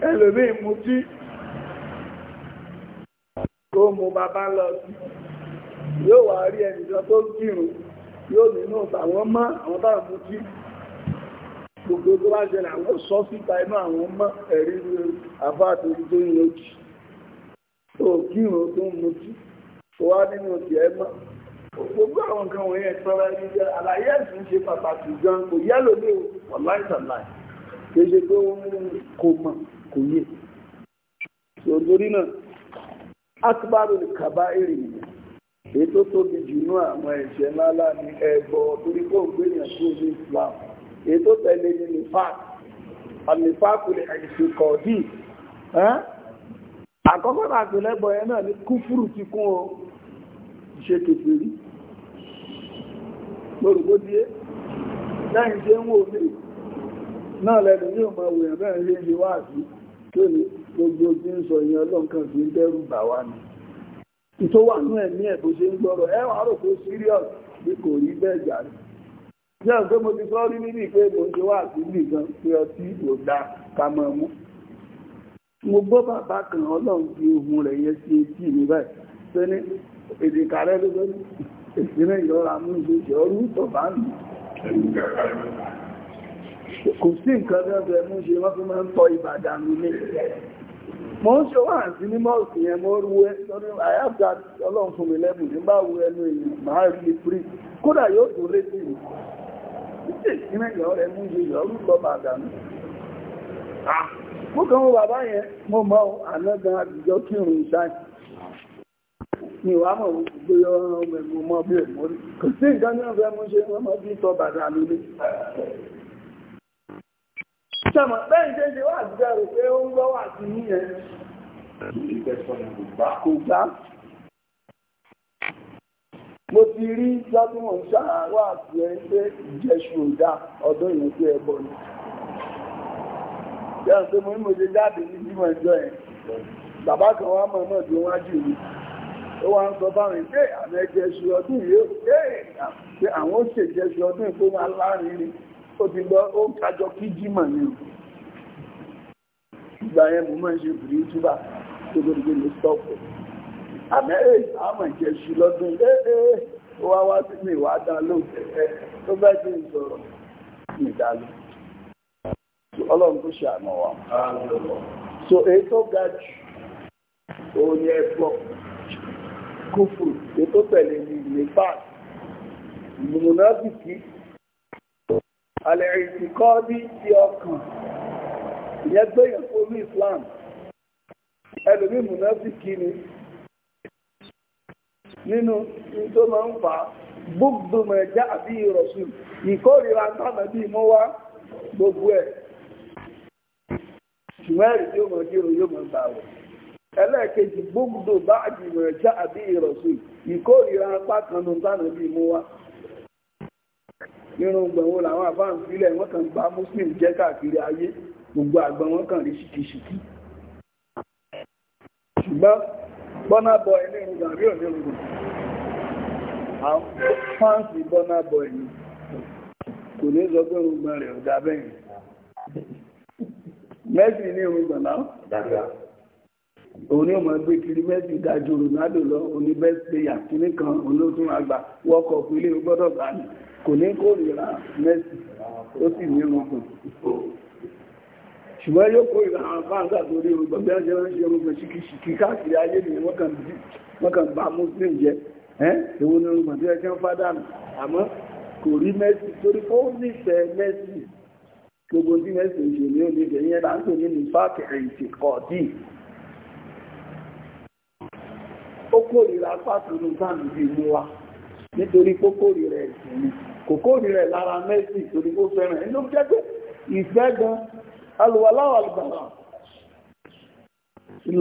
ẹlòmí ìmútí tó mú bàbá lọ sí yóò wà rí ẹnìkan tó kírun yóò nínú àwọn mọ́ àwọn bá mútí gbogbo tó bá jẹ́ àwọn sọ síta inú àwọn mọ́ ẹ̀rí àbá àtòrí tó ń lójì tó kírun tó ń mútí tó wá nínú ti ẹ mọ́ gbogbo àwọn nǹkan wọ̀nyí ẹ̀tọ́ra ẹni jẹ́ àlàyé ẹ̀sìn ṣe pàtàkì gan kò yẹ́lò ní ọ̀láìsàláì kò ṣe pé ó kò mọ̀ kò yé sòtòrí náà akíbárò ní kaba èrè nìyẹn èyí tó tóbi jù ní àwọn ẹ̀ṣẹ̀ ńláńlá ní ẹ̀bọ torí kó ń gbéyàn tó ní Islam èyí tó tẹ̀lé ní nifak ànifakù ní àìsàn kọ̀ọ̀dì àkọ́kọ́ náà àgbélẹ́bọ̀ yẹn náà ní kúfúrù ti kún o ṣe kékeré lórúkọ díẹ̀ lẹ́yìn tí ń wò mí náà lẹ́nu ní ọmọ ìwòyàn bẹ́ẹ̀ ṣe ń ṣe wáàsí lónìí gbogbo tí ń sọ ìyẹn ọlọ́nkan fi ń dẹ́rù bà wá ni ìtò wà ní ẹ̀mí ẹ̀ bó ṣe ń gbọ́rọ̀ ẹ wàá rò kó serious bí kò rí bẹ́ẹ̀ jàre ṣé ẹ̀ pé mo ti sọ rí níbi pé mo ṣe wà sí nìkan pé ọtí kò dáa ká máa mú mo gbọ́ bàbá kan ọlọ́run fi ohun rẹ̀ yẹn sí etí mi báyìí pé ní èdè kàrẹ́ ló gbé ìsinmi ìyọra mú ìṣe ọrú tọ̀bá kò sí nǹkan tó ẹgbẹ̀ mú ṣe wọ́n fi máa ń tọ́ Ìbàdàn nílé mo ń ṣe wáhàn sí ní mọ́ọ̀sì yẹn mo rú ẹ lórí àyàfà ọlọ́run fún mi lẹ́bù nígbà wo ẹnu èèyàn máa rí mi pírí kódà yóò tó rétí mi títí ìpínlẹ̀ ìyọ́ rẹ̀ mú ṣe ìyọ́ rúkọ Ìbàdàn mo kàn wọ bàbá yẹn mo mọ ànágan àtijọ́ kírun ìṣáì ni sẹ́mọ̀ bẹ́ẹ̀ ṣe ṣe wà àjíjẹ́ rẹ̀ pé ó ń gbọ́ wà sí ní ẹ̀ mo ti rí lọ́dúnmọ̀ ṣáàwà àti ẹ̀ pé ìjẹ́ṣù òdá ọdún ìwọ̀n tí ẹbọ ni jẹ́ pé mo ní mo ṣe jáde ní bímọ ẹjọ́ ẹ̀ bàbá kan wá mọ̀ náà tí wọ́n á jù mí ó wá ń sọ báwọn ìpé àmẹ́jẹ́ṣù ọdún yìí ó pé àwọn ó ṣèjẹ́ṣù ọdún ìpó ó ti lọ ó ń kájọ kí jímọ̀ ni ìgbà yẹn mo máa ń ṣe bìrì túbà tó lórí pé mo sọ́ọ̀pù àmẹ́rẹ́ àmọ̀ ìjẹ̀ṣù lọ́dún léèrè ó wá wá sí mi ìwà dá lóògbé tó fẹ́ kí n sọ̀rọ̀ mi dá lọ. ọlọ́run tó ṣe àmọ̀ wa. so èyí tó ga jù òun ni ẹ̀fọ́ kúfù èyí tó tẹ̀lé ní nípa mùnàbìkì alẹ́ ìtìkọ́ bí ọkàn ìyẹn gbéyàn fún Islam ẹlòmí ni nínú tó máa ń fà gbogbo mẹ̀já àbí ìrọ̀sù ìkórìíra náà bí mọ́ wá gbogbo ẹ̀ ṣùgbọ́n tí ó mọ̀ yóò mọ̀ wọ̀ ẹlẹ́ẹ̀kejì bá àjùmọ̀ ẹ̀já àbí ìkórìíra apá kan nù bí wá nínú gbẹ̀wò làwọn àbáà ń filẹ̀ wọ́n kàn gba muslim jẹ́ káàkiri ayé gbogbo àgbọn wọn kàn rí ṣìkìṣìkì ṣùgbọ́n bọ́nà bọ̀ ẹni ìrùgbọ̀n rí òní ìrùgbọ̀n àwọn fáǹsì bọ́nà bọ̀ ẹni kò ní sọ pé ìrùgbọ̀n rẹ̀ ọ̀dà bẹ́yìn mẹ́sì ní ìrùgbọ̀n náà òun ni ó máa gbé kiri mẹ́sì dájú Ronaldo lọ oní best player kìnnìkan olótún àgbà wọ́kọ̀ pélé gbọ́dọ̀ gbà ní kò ní kó ìrà mẹ́sì ó sì ní ọmọkùn ṣùgbọ́n yóò kó ìrà àwọn fáńsà tó rí ọgbọ̀n bí ajẹ́ ránṣẹ́ ọmọkùn ṣíkíṣíkí káàkiri ayé ni wọ́n kàn bá muslim jẹ ẹ̀wọ́ ní ọmọkùn tí ẹkẹ́ fádàmù àmọ́ kò rí mẹ́sì torí ó nífẹ̀ẹ́ mẹ́sì gbogbo tí mẹ́sì ń ṣe ní ó nífẹ̀ẹ́ yẹn là ń pè ní fáàkì ẹ̀yìntì kọ̀ọ̀tì ó kó ìrà pàtó nù sáà nítorí kókòrì rẹ̀ ìsinmi kòkòrì rẹ̀ lára mẹ́sì torí ó fẹ́ràn ẹni ló jẹ́ pé ìfẹ́ gan alùwàláwà àlùbàrà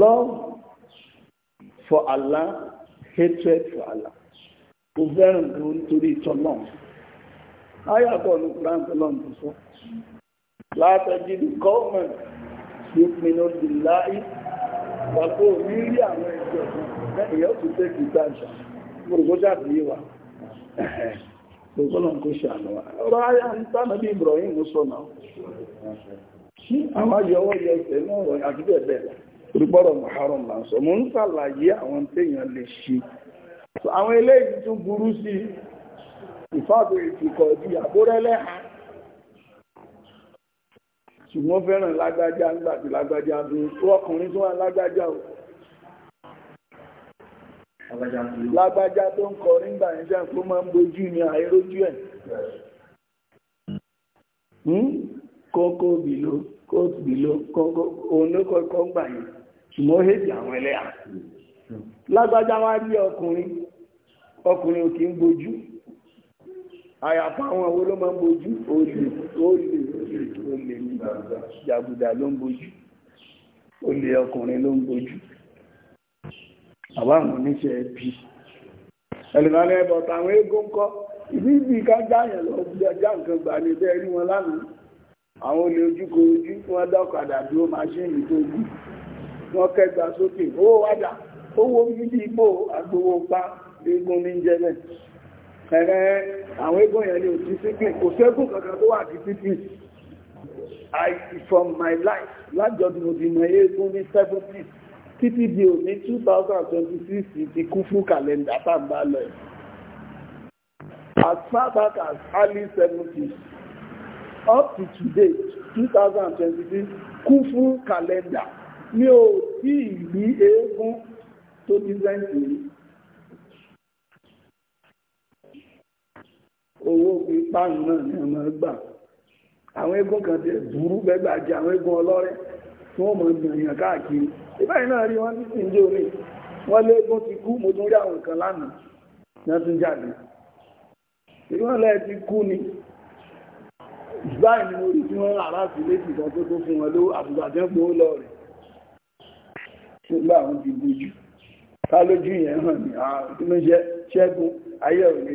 love for Allah hatred for Allah kò fẹ́ràn gan nítorí ìtọ́nà ayàtọ̀ ní Quran tó lọ́n tó sọ látàjì ní gọ́ọ̀mẹ̀ntì tí ó pinnu di láì pàtó ní rí àwọn ẹgbẹ́ ọ̀sán ẹ̀yọ́ tó tẹ́ kìí dájà mo rò kó jáde yé wa. Gbogbolon kó ṣàánú wa. Ọ̀rọ̀ ayá ń tánà bí Ibrahim sọ́nà. Ṣí àwọn ayọwọ́ yẹ ẹsẹ̀ náà rọ̀ àti bẹ́ẹ̀ bẹ́ẹ̀ lọ. Orúgbọ́rọ̀ Muharram là ń sọ. Mo ń ṣàlàyé àwọn téèyàn lè ṣe. Àwọn eléyìí tún burú sí ìfàdù ìtìkọ̀ di àbúrẹ́lẹ́ ha. Ṣùgbọ́n fẹ́ràn lágbájá ń gbàdì lágbájá bí ọkùnrin tó wà lágbájá lágbájá tó ń kọrin gbà ń ṣe kó máa ń bojú ní àìrójú ẹ̀ hmm? kókó bìló kókó bìló kókó òun ló kọ́kọ́ gbà yẹn ṣùgbọ́n ó hèdè àwọn ẹlẹ́yà lágbájá wá rí ọkùnrin ọkùnrin ò kí ń bojú àyàfà àwọn owó ló máa ń bojú olè olè olè olè jàgùdà ló ń bojú olè ọkùnrin ló ń bojú àbáwọn oníṣẹ́ ẹbí ẹ̀lùmọ́lẹ́ ẹbọ̀tà àwọn eégún kọ́ ìbíbi ká dáyẹ̀ lọ bí ọjà nǹkan gbà ní bẹ́ẹ̀ rí wọn lánàá àwọn olè ojúkọ ojú wọn dọ́kadà dúró máṣíìnì tó gbù wọn kẹgbà sókè owó wájà owó bíbí igbó agbowó pa eégún ní jẹ́lẹ̀ ẹ̀rẹ́ àwọn eégún yẹn ní òtí sípìn kò sẹ́gùn kankan tó wà ní sípìn I from my life lájọ́dún òdìmọ̀ eégún ní 70 títí di òní 2026 ti kún fún kàlẹ́ndà tàbá lọ as far back as early 70s up to today 2026 kún fún kàlẹ́ndà ní ò tí ìlú eégún tó ti sẹ́ǹtì rí. owó pípa náà ni ọmọ gbà àwọn eégún kan ti burú gbẹgbàjẹ àwọn eégún ọlọ́rẹ́ tí wọ́n mọ̀ ìgbìyàn káàkiri ìbáyìí náà rí wọ́n ní ìjẹ́ wọ́n lé gbọ́n ti kú mo tún rí àwọn nǹkan lánàá ní ọdún jáde ìrọ̀lẹ́ ti kú ni báyìí ni mo rí tí wọ́n rà láti tó fún wọn ló àbùgbàjẹ́ pé ó lọ rẹ̀ ti hàn ní ah, ṣẹ́gun ayé ò ní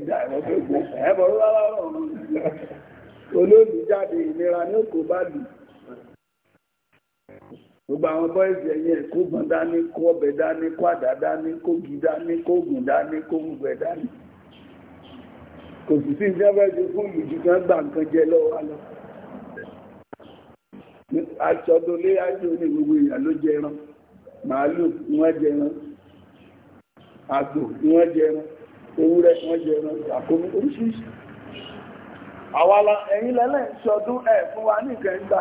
ẹ̀rọ pé jáde ní gbogbo àwọn bọ́ìsì ẹ̀yìn ẹ̀kú gbọ̀n dání kó ọbẹ̀ dání kó àdá dání kó gi dání kó gùn dání kó gbẹ̀ dání kò sì sí ìjọba ẹ̀jẹ̀ fún ìlú kan gbà nǹkan jẹ lọ́wọ́ lọ aṣọdọlé ayé ní gbogbo èèyàn ló màálù àgbò ẹran, ẹran, àkómi oríṣiríṣi àwa ṣọdún ẹ fún wa ní ìkẹyìn gbà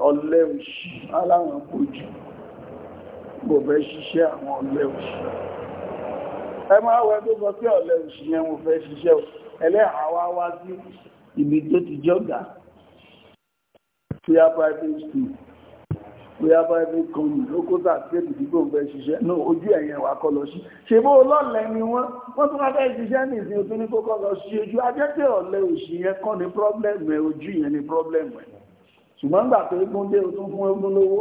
ọlẹ́ òṣì aláwọn kojú bò fẹ́ ṣiṣẹ́ àwọn ọlẹ́ òṣì ẹ máa wẹ́ tó sọ pé ọlẹ́ òṣì yẹn mo fẹ́ ṣiṣẹ́ ẹlẹ́ àwa wá sí ibi tó ti jọ́gà bóyá private school bóyá private company ló kó tà sí èdè dígbò fẹ́ ṣiṣẹ́ náà ojú ẹ̀yẹn wà kọ́ ni wọ́n tún fẹ́ ṣiṣẹ́ ní ìsìn tó ní kó lọ sí ojú ajẹ́ pé ọlẹ́ òṣì kọ́ ni problem ẹ̀ ojú yẹn ni problem ẹ̀ ṣùgbọ́n gbà tó egun dé o tún fún egun lówó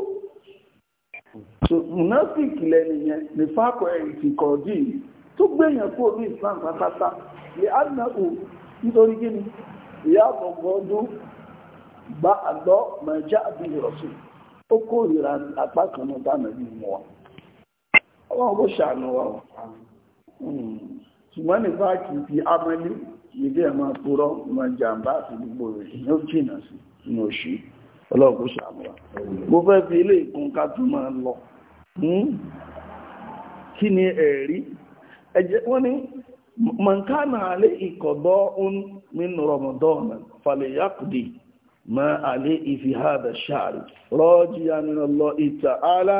monastic lẹ́nu yẹn ní fákọ̀ ẹ̀rìtì kọ̀ọ̀dì tó gbẹ̀yàn kó ní Islam pátápátá lè ádùnàkù nítorí kí ni ìyá ọ̀gbọ̀n ọdún gba àlọ́ mẹ́jà àbí ìrọ̀sùn ó kó ìrà apá kan náà dáná bí mu wa ọlọ́run kó ṣàánú wa o hmm. ṣùgbọ́n ní fáàkì ti amẹ́lí ìdí ẹ̀ máa purọ́ máa jàǹbá àti gbogbo rẹ̀ ní ó jìnnà sí ní oṣù ọlọ́run kò ṣàmúra mo fẹ́ fi ilé ìkún ká tún máa lọ hmm? kí ni ẹ̀rí ẹ̀jẹ̀ wọ́n ní mọ̀nkánà alẹ́ ìkọ̀dọ́ ń min Ramadan falẹ̀yàkùdì ma alẹ́ ìfihàdà ṣáàrì rọ́jì yaminallah ta'ala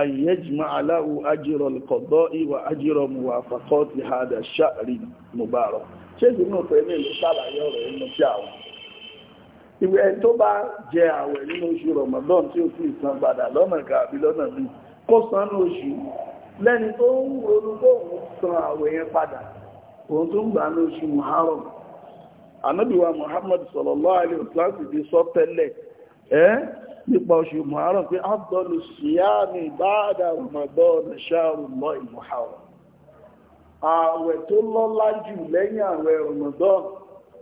ayyajma aláwọ̀ ajírọ̀ ìkọ̀dọ́ ìwà ajírọ̀ muwafaqati hàdà ṣáàrì mubarak ṣé ìgbìmọ̀ pẹ̀lú ìlú sàlàyé ọ̀rọ̀ ìwé ẹni tó bá jẹ àwẹ̀ nínú Ramadan tí ó fi ìsan padà lọ́nà kàbí lọ́nà mi kó san ní oṣù lẹ́ni tó ń ronú ń san àwẹ̀ yẹn padà òun tó ń gbà ní oṣù Muharram anábìwa Muhammad sallallahu bi sọ ba'da Ramadan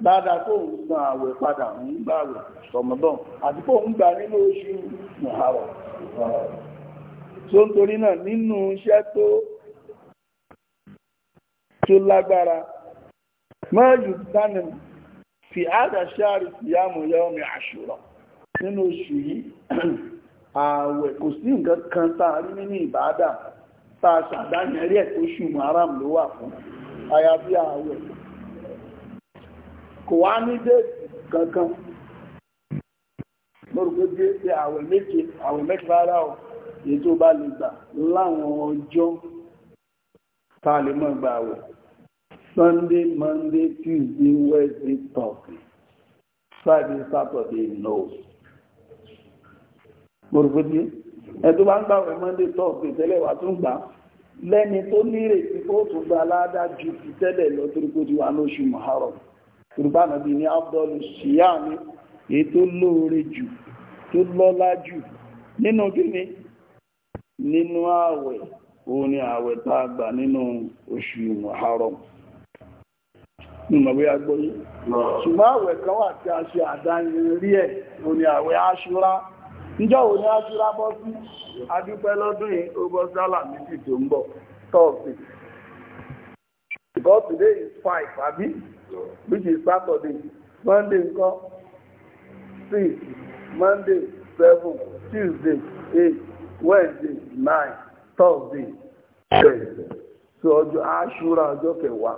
dáadáa kó ń san àwẹ̀ padà ń gbààwẹ̀ Ramadan àti kó ń gbà nínú oṣù Muharram tó ń torí náà nínú iṣẹ́ tó tó lágbára mọ́jú dánìm fi àdàṣáàrí fi àmúyá omi àṣùrọ̀ nínú oṣù yìí ààwẹ̀ kò sí nǹkan kan tààrí nínú ìbádà tàà ṣàdánilẹ́ẹ̀kóṣù Muharram ló wà fún àyàbí kò wá ní déètì kankan lórúkọ déètì àwẹ̀ méje àwẹ̀ mẹ́ta ara ọ̀ èyí tó bá lè gbà láwọn ọjọ́ tá a lè mọ́ gbà àwẹ̀ Sunday Monday Tuesday Wednesday Thursday Friday Saturday no lórúkọ déètì ẹ̀tọ́ bá ń gbà wẹ̀ Monday Thursday tẹ́lẹ̀ wà tún gbà lẹ́ni tó nírètí ó tún gbà ládàá ju ti tẹ́lẹ̀ lọ torí kó ti wà lóṣù Muharram yorùbá bí ní abdul siyami èyí tó lóore jù tó lọ́lá jù nínú kíni nínú ààwẹ̀ òun ni ààwẹ̀ tá a nínú oṣù muharram ṣùgbọ́n ààwẹ̀ kan wà tí a ṣe ẹ̀ òun ni ààwẹ̀ which is Saturday, Monday nkọ six, Monday seven, Tuesday eight, Wednesday nine, Thursday ten. So ọjọ́ aṣúra ọjọ́ kẹwàá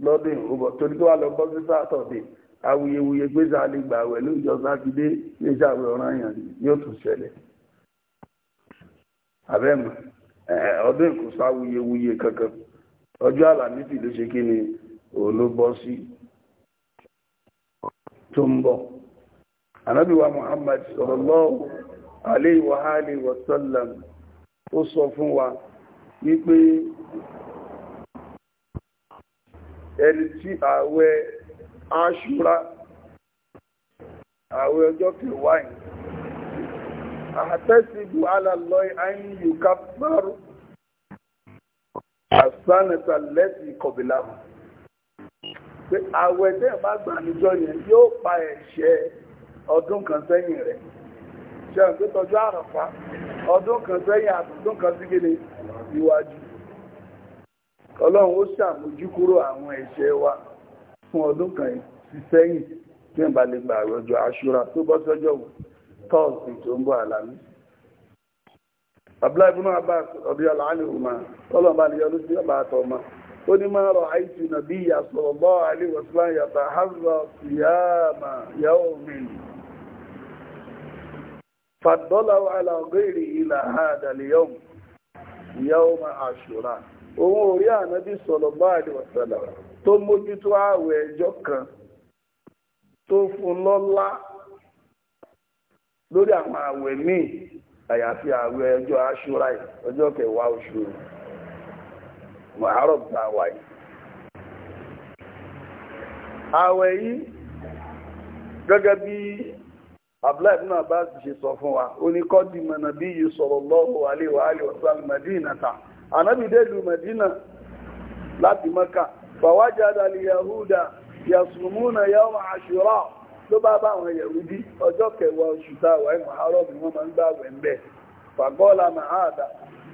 lọ́dún ìhòòbọ̀ torí kí wàá lọ sí Saturday awuyewuye gbèsè àlegbà wẹ̀ lóòjọ́ sátidé gbèsè àwẹ̀ ọ̀ràn yàn yóò tún ọdún awuyewuye kankan ọjọ́ àlàmísì ló ṣe kí ni. olóbọ́sí tó ń bọ̀. Muhammad sallallahu alayhi wa alihi wa sallam ó sọ fún wa wípé ẹni tí ààwẹ̀ Àṣúra ààwẹ̀ ọjọ́ kẹwàá àtẹ́sìbù alàlọ́ àyìn yóò ká bárò àsánàtà lẹ́sìn pé àwẹ̀ tẹ́ bá gbà níjọ́ yẹn yóò pa ẹ̀ṣẹ̀ ọdún kan sẹ́yìn rẹ̀ ṣe ń pé tọjú ọdún kan sẹ́yìn àtọ̀dún kan sí gẹ́lẹ̀ ìwájú ọlọ́run ó ṣàmójú kúrò àwọn wa fún ọdún kan sí sẹ́yìn tí ń bá lè gbà àrọ̀jọ àṣúra tó bọ́ sọ́jọ́ wò tọ́ọ̀sì tó ń bọ̀ àlàmí abúláìbùnú abá ọdún o ni mara o haiti na bi ya soloba ali osala yata arzwa fiye ma ya omeni fadola ala oge ere ila ha adali yau ma ashura o won ori ana bi soloba ali osala to mojito awuejo kan to fun lola lori awon aweme daya fi awuejo ashura ojo kewa oshuru. Muharram tá a wà yìí àwẹ̀ yìí gẹ́gẹ́ bí Abdullahi ibn Abbas ṣe sọ fún wa ó ní kọ́dí mọ̀nàbí yìí sallallahu alaihi wa alihi wa sallam Madina ta ànábì dé ìlú Madina láti Mẹ́kà fawajada al-yahuda yasumuna yawm Ashura ló bá bá àwọn Yahudi ọjọ́ kẹwàá oṣù táwà Muharram ni wọ́n máa ń gbààwẹ̀ ń bẹ̀ fàgọ́lá màáda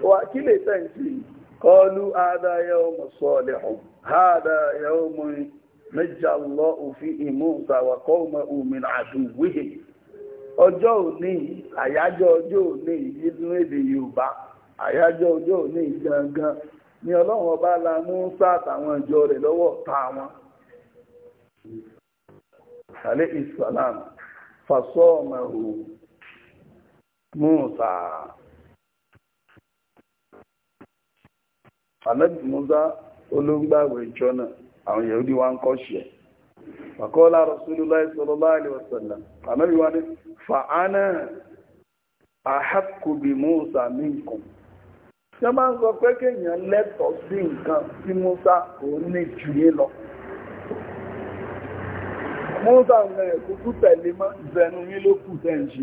wà kí lè tẹ̀ ń sí yìí قالوا هذا يوم صالح هذا يوم نجى الله فيه موسى وقومه من عدوهم ọjọ́ òní àyájọ́ ọjọ́ òní nínú èdè Yorùbá àyájọ́ ọjọ́ òní gangan ni Ọlọ́run ọba la ìjọ rẹ̀ lọ́wọ́ ta wọn sàlẹ̀ ìsàlámù fàṣọ́ ọmọ Ànábì Musa olóńgbàwẹ̀ ìjọ náà àwọn Yahudi Rasulullah sallallahu alaihi wasallam Ànábì wa ní fa'ana ahaqqu bi Musa minkum ṣe máa ń sọ pé kéèyàn lẹ́tọ̀ọ́ sí nǹkan tí Musa kò ní jù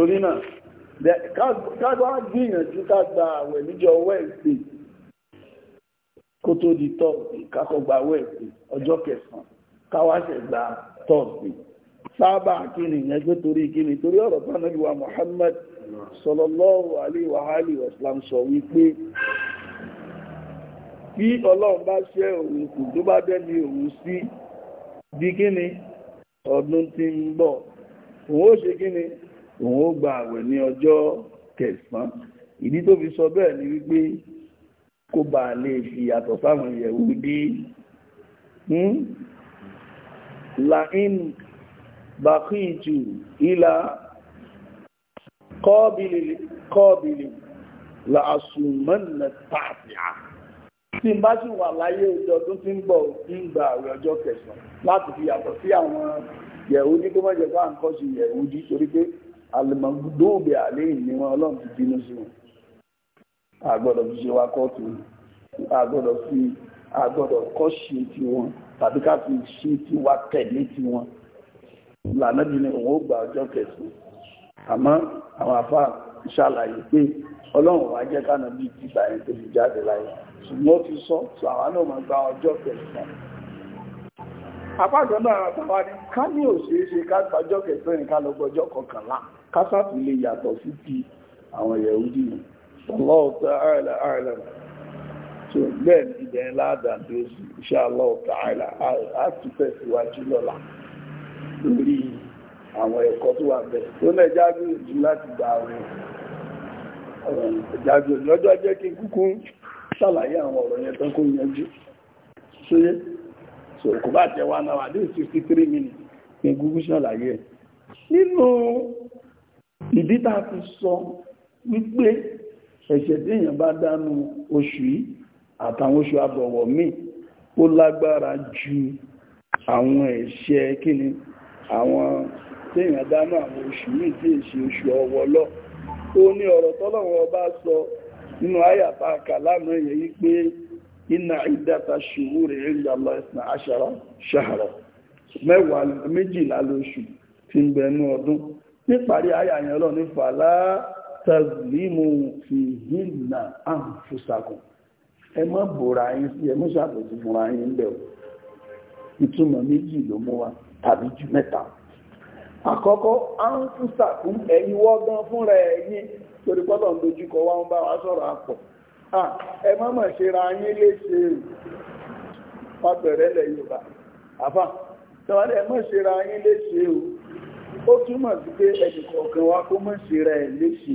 torí náà kágbá gbìyànjú ká gba àwẹ̀ níjọ́ wẹ́ẹ̀sì kó tó di tọ́ọ̀sì kákọ́ gba wẹ́ẹ̀sì ọjọ́ kẹsàn-án gba tọ́ọ̀sì sábà kíni ìyẹn gbé torí kíni torí ọ̀rọ̀ tánàbíwa Muhammad sọ wípé bí ọlọ́run bá ṣẹ́ òun kù tó bá dẹ́ni òun sí di kíni ọdún ti bọ̀ òun ó ṣe òun ó gba àwẹ̀ ní ọjọ́ kẹsàn-án ìdí tó fi sọ bẹ́ẹ̀ ni wípé kó bá a lè fi yàtọ̀ sáwọn ìyẹ̀wò dí hmm? la'in bakitu ila kọ́bìlì kọ́bìlì la'asùmọ́nà tààtìá tí n bá sì wà láyé ọdún tí ń bọ̀ ń gba àwẹ̀ ọjọ́ kẹsàn-án láti fi yàtọ̀ sí àwọn yẹ̀wò dí tó mọ́jẹ̀ fáà yẹ̀wò dí torí pé alìmọ̀gbọ́dọ́ọ̀bẹ̀ àléyìn ni wọ́n ọlọ́run ti bínú sí wọn àgbọ́dọ̀ fi ṣe wa kọ́ọ̀tù àgbọ́dọ̀ fi àgbọ́dọ̀ kọ́ ṣe ti wọn tàbí ká fi ṣe ti wa tẹ̀lé ti wọn lànà bí ni òun ó gba ọjọ́ kẹsàn-án àmọ́ àwọn afá ṣàlàyé pé ọlọ́run wá jẹ́ kánà bí títà ẹ̀ tó fi jáde láyé ṣùgbọ́n ó ti sọ tó àwa náà máa gba ọjọ́ kẹsàn-án apá kan náà àtàwọn ni ká ní òṣèṣe ká gbàjọ́ kẹsàn-án ká lọ gbọ́jọ́ kọkànlá kásáàtì lè yàtọ̀ sí ti àwọn yẹ̀húdì Allahu ta'ala a'lam tó bẹ́ẹ̀ ní ibẹ̀ ládàá tó sì insha Allah ta'ala á ti tẹ̀síwájú lọ́la lórí àwọn ẹ̀kọ́ tó wà bẹ́ẹ̀ tó lẹ́ jágbìyànjú láti gba àwọn ìjàgbìyànjú lọ́jọ́ jẹ́ kí kúkú ṣàlàyé àwọn ọ̀rọ̀ yẹn tán kó yanjú ṣóyé so kò bá jẹ́ wá náà wà 63 minutes ní gúgú ṣàlàyé nínú ìdí tá a fi sọ wípé ẹ̀ṣẹ̀ tí èèyàn bá dánú oṣù yìí àtàwọn oṣù àbọ̀wọ̀ míì ó lágbára ju àwọn ẹ̀ṣẹ̀ kíni àwọn tí èèyàn dánú àwọn oṣù míì tí èṣe oṣù ọwọ́ lọ ó ní ọ̀rọ̀ tọ́lọ́wọ́ bá sọ nínú àyàtà kàlámù èèyàn yìí pé iná ìdáta ṣòwò rẹ̀ ìrìnlẹ̀ ìsìn àṣàrà ṣàrà mẹ́wàá méjìlá lóṣù tí ń bẹnu ọdún níparí àyà yẹn lọ ní fàlá tazlimu fihinna anfusakum ẹ má bòrà yín sí ẹ mú ṣàbòsí fúnra yín ń ìtumọ̀ méjì ló wa tàbí ju mẹ́ta àkọ́kọ́ anfusakum ẹ̀yin wọ́gán fúnra ẹ̀yin torí pọ́lọ̀ wá ń bá ẹ yín o ó túmọ̀ sí pé ẹnìkọ̀ọ̀kan wa kó mọ̀ sí ra ẹ̀ léṣe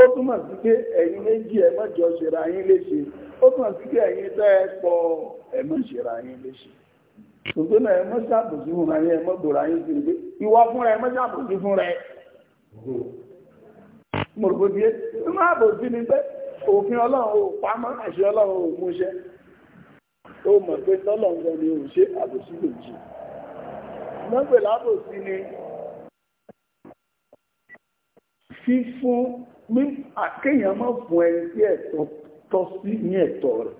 ó túmọ̀ sí pé ẹ̀yin méjì ẹ má jọ ṣe ra yín léṣe ó túmọ̀ sí pé ẹ̀yin tẹ́ ẹ pọ̀ ẹ má ṣe ra yín léṣe ṣùgbọ́n náà ẹ má ṣàbòsí fúnra yín ẹ má gbòòrò ayé sí ibi ìwọ fúnra é ẹ má bòsí ni pé òfin ọlọ́run ò pamọ́ àṣẹ ọlọ́run ò múṣẹ́ ó mọ̀ pé tọ́lọ̀ ń gbọ́ ni ò ṣe àbòsí lòdì lọ́gbẹ̀ lábòsí ni fífún kéèyàn mọ́ fún ẹni tí ẹ̀tọ́ tọ́ sí ní ẹ̀tọ́ rẹ̀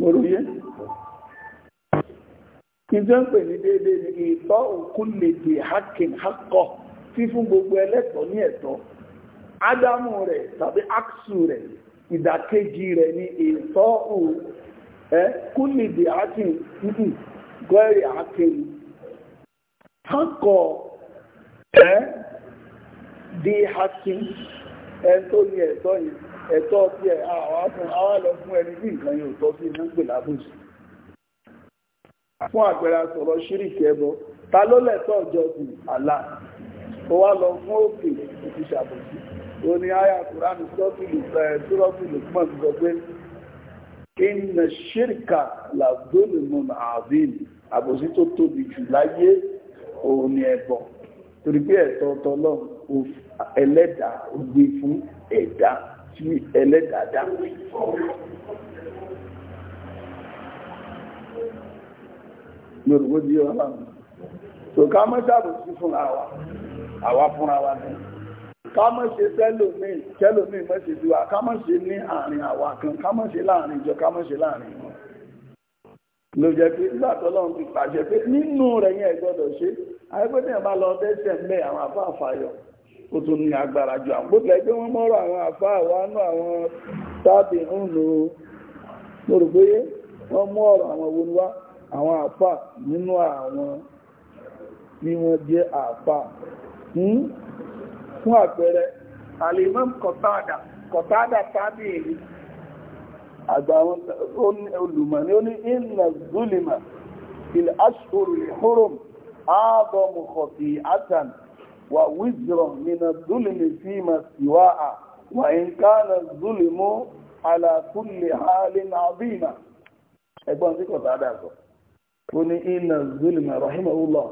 mọ̀rúyé ìjọ ń pè ní déédé ní ìtọ́ òkun lè dè hakin hakọ̀ fífún gbogbo ẹlẹ́tọ̀ọ́ ní ẹ̀tọ́ ádámù rẹ̀ tàbí áksù rẹ̀ ìdàkejì rẹ̀ ní ìtọ́ kúlì dì ákìn gọ́ẹ̀rì ákìn ẹ́ di ákìn tó ní ẹ̀tọ́ yìí ẹ̀tọ́ tí ẹ̀ àwọn lọ fún ẹni bí nǹkan yóò tọ́ sí fún sọ̀rọ̀ ṣíríkì ẹbọ ta ló lẹ́tọ́ ọjọ́ sí àlá ó wá lọ fún òkè inna ṣírkà làbónìmọ̀n àbín àbòsí tó tóbi jù láyé òun ni ẹbọ torí pé ẹ̀tọ́ tọ́lọ́ ẹlẹ́dà ògbé fún ẹ̀dá tí ẹlẹ́dà dá lórúkọ jí ọlọ́run tó ká mọ́ sábòsí fúnra wa àwa fúnra wa náà kámọ́ṣe fẹ́lòmí kẹ́lòmí mọ́ṣe sí wa kámọ́ṣe ní àárín àwa kan kámọ́ṣe láàrin ìjọ kámọ́ṣe láàrin wọn ló jẹ́ pé nígbà tó lọ́run ti pàṣẹ pé nínú rẹ̀ yẹn gbọ́dọ̀ ṣe àyẹ́gbẹ́dẹ̀ bá lọ dẹ́sẹ̀ mẹ́ àwọn afá àfàyọ ó tún ní agbára ju àwọn bókẹ́ pé wọ́n mọ́rọ̀ àwọn afá àwọnú àwọn tábì ń lò wọ́n mú àwọn wo àwọn àfà nínú àwọn tí wọ́n jẹ́ àfà hmm? fún àpẹẹrẹ alimam kọ̀tádà kọ̀tádà tábí èyí àgbàwọn olùmọ̀ ní ó ní ìlà zulima ilẹ̀ ashhurul hurum ààbọ̀mù kọ̀tí atan wà wíjìrọ̀ nínà zulimi sí ma síwáà wà ń kánà zulimu ala kulli halin azima ẹgbọ́n sí kọ̀tádà sọ ó ní ìlà zulima rahimahullah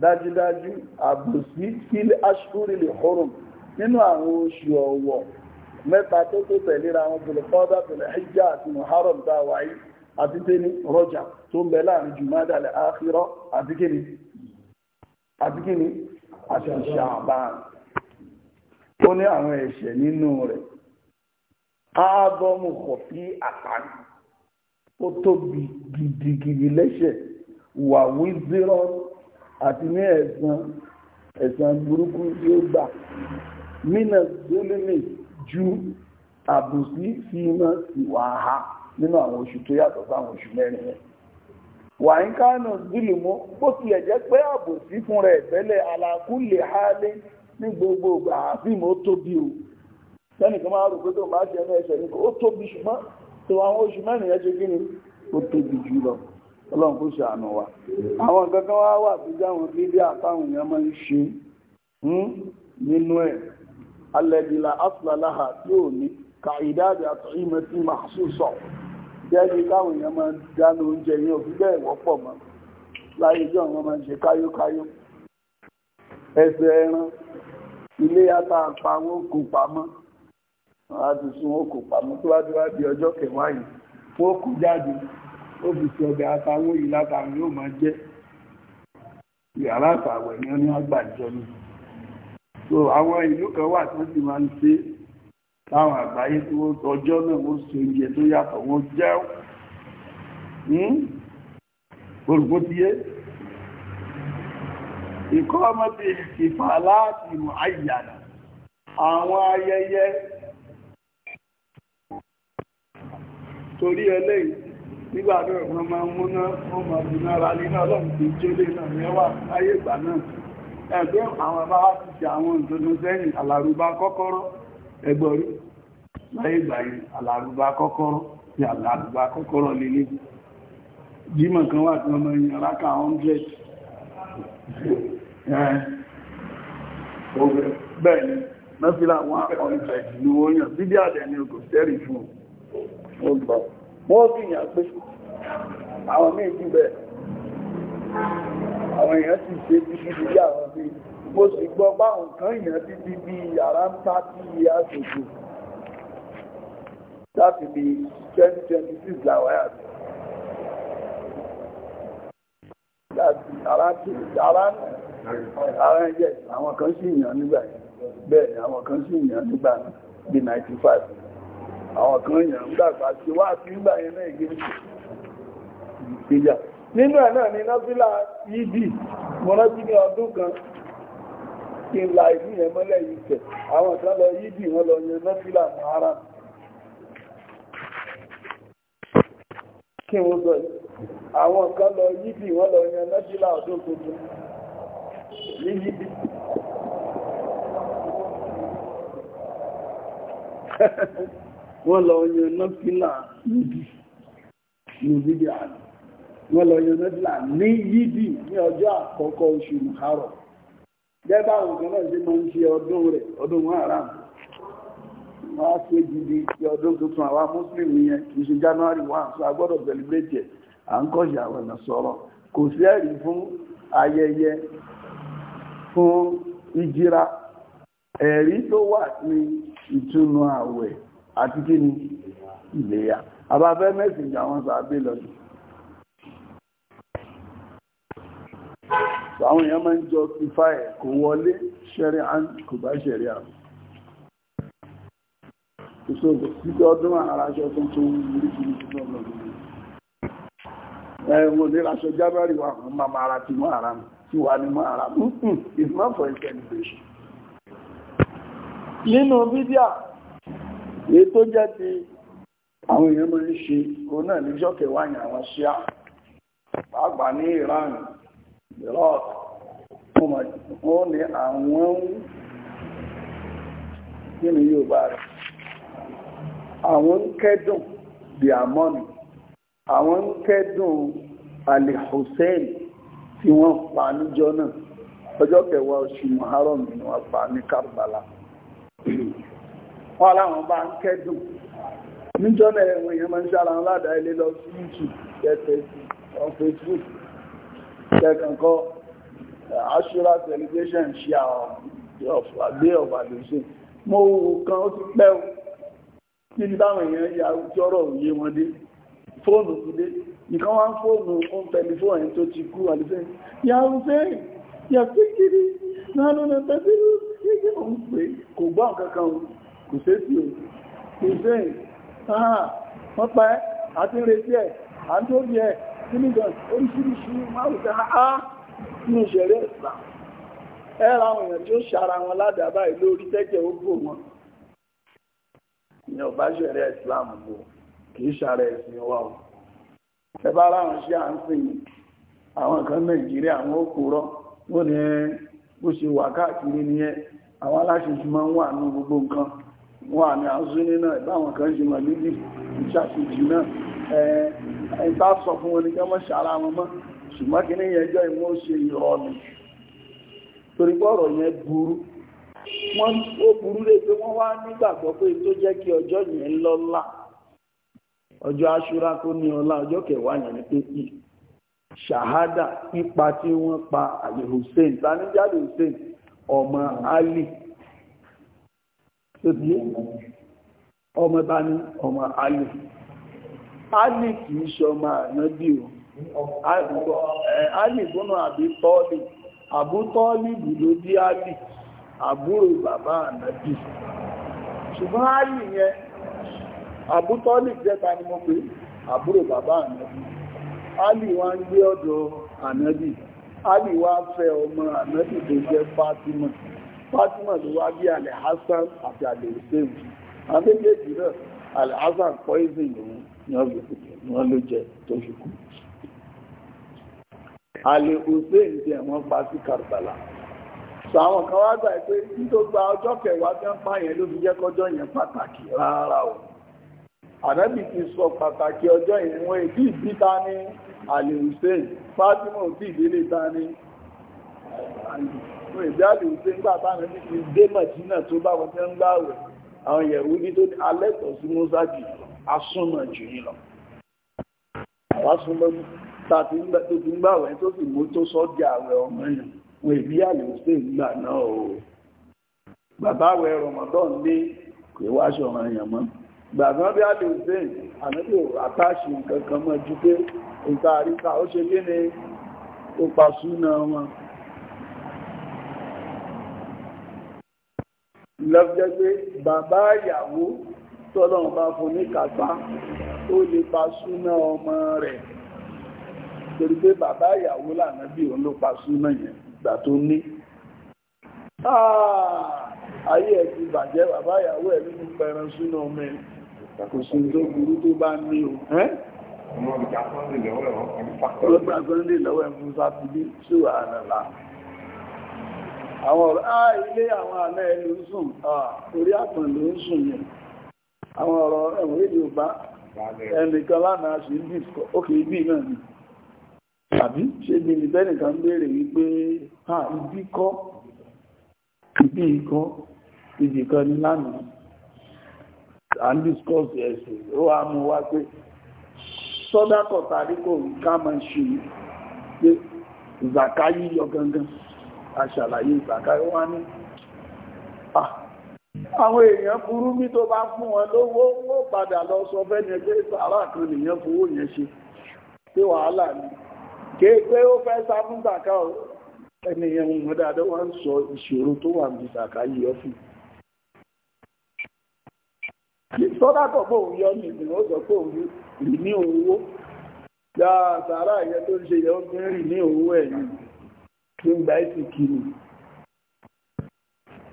dájúdájú àbòsí fíl aṣúrìlì hurum nínú àwọn oṣù ọ̀wọ̀ mẹ́ta tó tó tẹ̀léra àwọn tòlùkọ́dá tòlùhíjà àti muharram dáwàáyí àti tẹ́ni rọ́jà tó ń bẹ láàrin jùmádà lẹ́ àkírọ́ àti kíni àti kíni àti ṣàbán ó ní àwọn ẹ̀ṣẹ̀ àti ní ẹ̀san ẹ̀san burúkú tí ó gbà mínà ju àbùsí fi iná sí wàhá nínú àwọn oṣù tó yàtọ̀ sáwọn oṣù mẹ́rin yẹn wà ń kánà zulmọ́ bó jẹ́ pé àbùsí fún rẹ̀ tẹ́lẹ̀ gbogbo o sẹ́nìkan máa rò pé tó máa ó tóbi ṣùgbọ́n tó àwọn oṣù ọlọ́run kó ṣàánú wa àwọn kankan wá wà tó jáwọn bíbí àtàwọn èèyàn máa ń ṣe hmm, nínú ẹ̀ alẹ́dìlà afúláláhà tí ò ní ka ìdáàbì àtọ̀yìnmọ́ tí màá sùn sọ jẹ́bi káwọn èèyàn máa dáná oúnjẹ yẹn òfin bẹ́ẹ̀ wọ́pọ̀ mọ́ láyé jọ wọn máa ń ṣe káyókáyó ẹsẹ̀ ẹran ilé ata apá wọn kò pamọ́ wọn á wọn kò pamọ́ tó wá di ọjọ́ kẹwàá yìí wọn kò jáde ó fi ti ọbẹ̀ àtàwọ̀ yìí látàrí yóò máa jẹ́ yàrá àtàwọ̀ èèyàn ní àgbàjọ ni so àwọn ìlú kan wà tó sì máa ń ṣe táwọn àgbáyé tí wọ́n tọjọ́ náà wọ́n so oúnjẹ tó yàtọ̀ wọ́n jẹun hmm? olùkó ti yé ìkọ́ ọmọdé ìfà láti mọ̀ àyànà àwọn ayẹyẹ torí ẹlẹ́yìn nígbà náà wọ́n máa ń múná wọ́n máa múná ra nínú ọlọ́run tí jólé náà mẹ́wà láyé ìgbà náà ẹgbẹ́ àwọn bá wá ti ṣe àwọn ìdọ́dọ́ sẹ́yìn àlàrúbá kọ́kọ́rọ́ ẹgbọ́rí láyé ìgbà yìí àlàrúbá kọ́kọ́rọ́ ti àlàrúbá kọ́kọ́rọ́ lílé jímọ̀ kan wà tí wọ́n máa ń yan ráka 100 bẹ́ẹ̀ni mẹ́fìlà 100 ni wọ́n yàn bíbí àdẹ̀ ni kò sẹ́rì fún ọgbọ̀n wọ́n fìyàn àwọn àwọn èèyàn ti ṣe bí i bí àwọn bí mo sì gbọ́ báwọn kan èèyàn ti bí bí yàrá ń tá bí àṣòjò láti bí 2026 làwọn àti láti ara àwọn kan sì yàn nígbà bẹ́ẹ̀ àwọn kan sì yàn nígbà bí 95 àwọn kan yàn ń dàgbà tí wá sí ìgbà yẹn náà ìgbé nínú ẹ̀ náà ni nọ́fílà e ní ọdún kan kí n la ìlú àwọn kan lọ yídì e wọ́n lọ nọ́fílà e wọ́n lọ wọ́n lọ Ha ha ha. wọ́n lọ yan nọ́fílà níbi níbi àná wọ́n lọ yan nọ́fílà ní yídì ní ọjọ́ àkọ́kọ́ oṣù muharram gẹ́gbà àwọn náà ṣe máa ń ọdún rẹ̀ ọdún haram wọ́n á ṣe gidi ti ọdún tuntun àwa muslim yẹn kì í ṣe so a gbọ́dọ̀ celebrate à fún ayẹyẹ fún ìjìra ẹ̀rí tó wà ní ìtúnu àti kí ni ìléyá àbáfẹ́ mẹ́sìnjì àwọn sàábé lọ́dún àwọn èèyàn máa ń jọ fífà ẹ̀ kò wọlé ṣẹ́rí án kò bá ṣẹ̀rí àwọn ìṣòro títí ọdún aráṣọ tuntun oríṣiríṣi lọ́dún ẹ̀wọ̀n ní aṣọ jábárì wà fún mama ara ti mọ́ ara tí wà ní mọ́ ara it's not for nínú fídíà èyí tó jẹ́ ti àwọn èèyàn máa ń ṣe kò náà níjọ́ kẹwàá yẹn àwọn ṣíà pàápàá ní Iran Iraq wọ́n ní àwọn nínú Yorùbá rẹ̀ àwọn kẹ́dùn di àmọ́nì àwọn kẹ́dùn Ali Hussein tí wọ́n pa níjọ́ náà ọjọ́ kẹwàá oṣù Muharram ni wọ́n pa ní wọ́n láwọn bá ń kẹ́dùn níjọ́ náà ẹ̀wọ̀n èèyàn máa ń ṣára wọn ládàá ilé lọ sí YouTube on Facebook tẹ́kànkọ́ Ashura celebration ṣe àgbé ọ̀bà lóṣè mo wò kan ó ti pẹ́ o níbi táwọn èèyàn ya ojú ọ̀rọ̀ òye wọn dé fóònù ti dé nìkan wá ń fóònù ó ń tẹlifóònù tó ti kú àlùfẹ́ yà ń fẹ́ yà pé kiri náà ló lọ òun pé kò gbọ́ nǹkan kan kò sé sí kò sé àà wọ́n pẹ́ àti retí ẹ̀ àndóbi ẹ̀ sílígàn oríṣiríṣi márùn-ún àá ní ìṣẹ̀rẹ́ ìsìlá ẹ̀rà àwọn èèyàn tí ó ṣara wọn ládàbà ìlú orí tẹ́jẹ̀ ó gbò wọn ìyàn bá ṣẹ̀rẹ́ ìsìlámù bò kìí ṣàrẹ ẹ̀sìn wa o ẹbá ráhùn sí à ń sìn àwọn kan nàìjíríà àwọn òkúrọ wọn ni bó ṣe wà káàkiri nìyẹn àwọn aláṣẹjù máa ń wà ní gbogbo nǹkan wọn àmì àzúní náà ìbáwọn kan ṣe mọ̀ níbi ìṣàṣìjì náà ẹ̀ẹ́ta sọ fún wọn ní kí wọ́n wọn mọ́ ṣùgbọ́n kí ní ẹjọ́ ṣe ìrọ̀lù torí gbọ́rọ̀ burú wọ́n ó burú lé pé wọ́n wá ọjọ ní ọlá pa Hussein Hussein ọmọ Ali tó bí ọmọ bá ní ọmọ alì alì kìí o alì gbọ́nà àbí tọ́ọ̀lì àbú tọ́ọ̀lì ló bí alì àbúrò bàbá ànábì ṣùgbọ́n alì yẹn àbú jẹ́ta ni mo pè àbúrò bàbá ànábì alì wá ń gbé ọ̀dọ̀ alì Fatima ló wá bí Alhassan àti Alhussein àwọn méjèèjì náà Alhassan poison lòun ni wọ́n ló jẹ tó fi kú Alhussein ti ẹ̀wọ̀n pa sí Karbala sọ àwọn kan wá gbà pé nítorí gba ọjọ́ kẹwàá tí wọ́n pààyàn ló fi jẹ́ kọjọ́ yẹn pàtàkì rárá o ànábì ti sọ pàtàkì ọjọ́ yẹn wọ́n èdè ìbí ta ní Alhussein Fatima ò tí ìdílé ta ní fún ìjáde ìṣe ńgbà táwọn ti fi dé mọ̀jínà tó bá wọn fẹ́ ń gbà rẹ̀ àwọn yẹ̀wù ní tó ní alẹ́tọ̀ sí mọ́sá jù asúnmọ̀ jù yín lọ. àwa súnmọ́ ta ti ń tó ti ń gbà rẹ̀ tó sì mú tó sọ́ọ́dì ààrẹ ọmọ yẹn wọn èbí àlè ìṣe ìgbà náà o. bàbá àwẹ̀ rọmọdọ́n dé kò wá aṣọ ọmọ yẹn mọ́. gbàgbọ́ bí àlè ìṣe ànábì àtàṣì nǹkan kan mọ́ ju pé ìta lọ́jọ́ pé bàbá ìyàwó tọ́lọ́run bá fún ní kápá ó lè pa súná ọmọ rẹ̀ torí pé bàbá ìyàwó lànà bí òun ló pa súná yẹn ìgbà tó ní ah! ayé ẹ̀ ti bàjẹ́ bàbá ìyàwó ẹ̀ nínú pẹran súná ọmọ ẹ̀ kò sí tó burú tó bá ní o ọmọ ìgbà sọ́ndé lọ́wọ́ ẹ̀ fún sátidé ṣùgbọ́n àrẹ̀lá àwọn ọ̀rọ̀ ah ilé àwọn àmẹ́ ẹlú ń sùn ah, orí àtàn ló ń sùn yẹn àwọn ọ̀rọ̀ ẹ̀wọ̀n èdè ọba ẹnìkan lánàá sí ibi òkè ibi náà ni àbí ṣe ìbẹ́ nìkan ń wípé ha ah, ibi kọ́ ibi ibi kan ní lánàá and aṣàlàyé ìgbàkáyé wá ní àwọn èèyàn burú mi tó bá fún wọn lówó wó padà lọ sọ fẹ́ni ẹgbẹ́ sàárà kan nìyàn fowó yẹn ṣe tí wàhálà ni kéèké ó fẹ́ o ẹni yẹn mú dáadáa wá ń sọ ìṣòro tó wà ní sàká fún sọ́dátọ̀ pé òun yọ ní ìgbìmọ̀ sọ kí n gba ẹ̀sì kìíní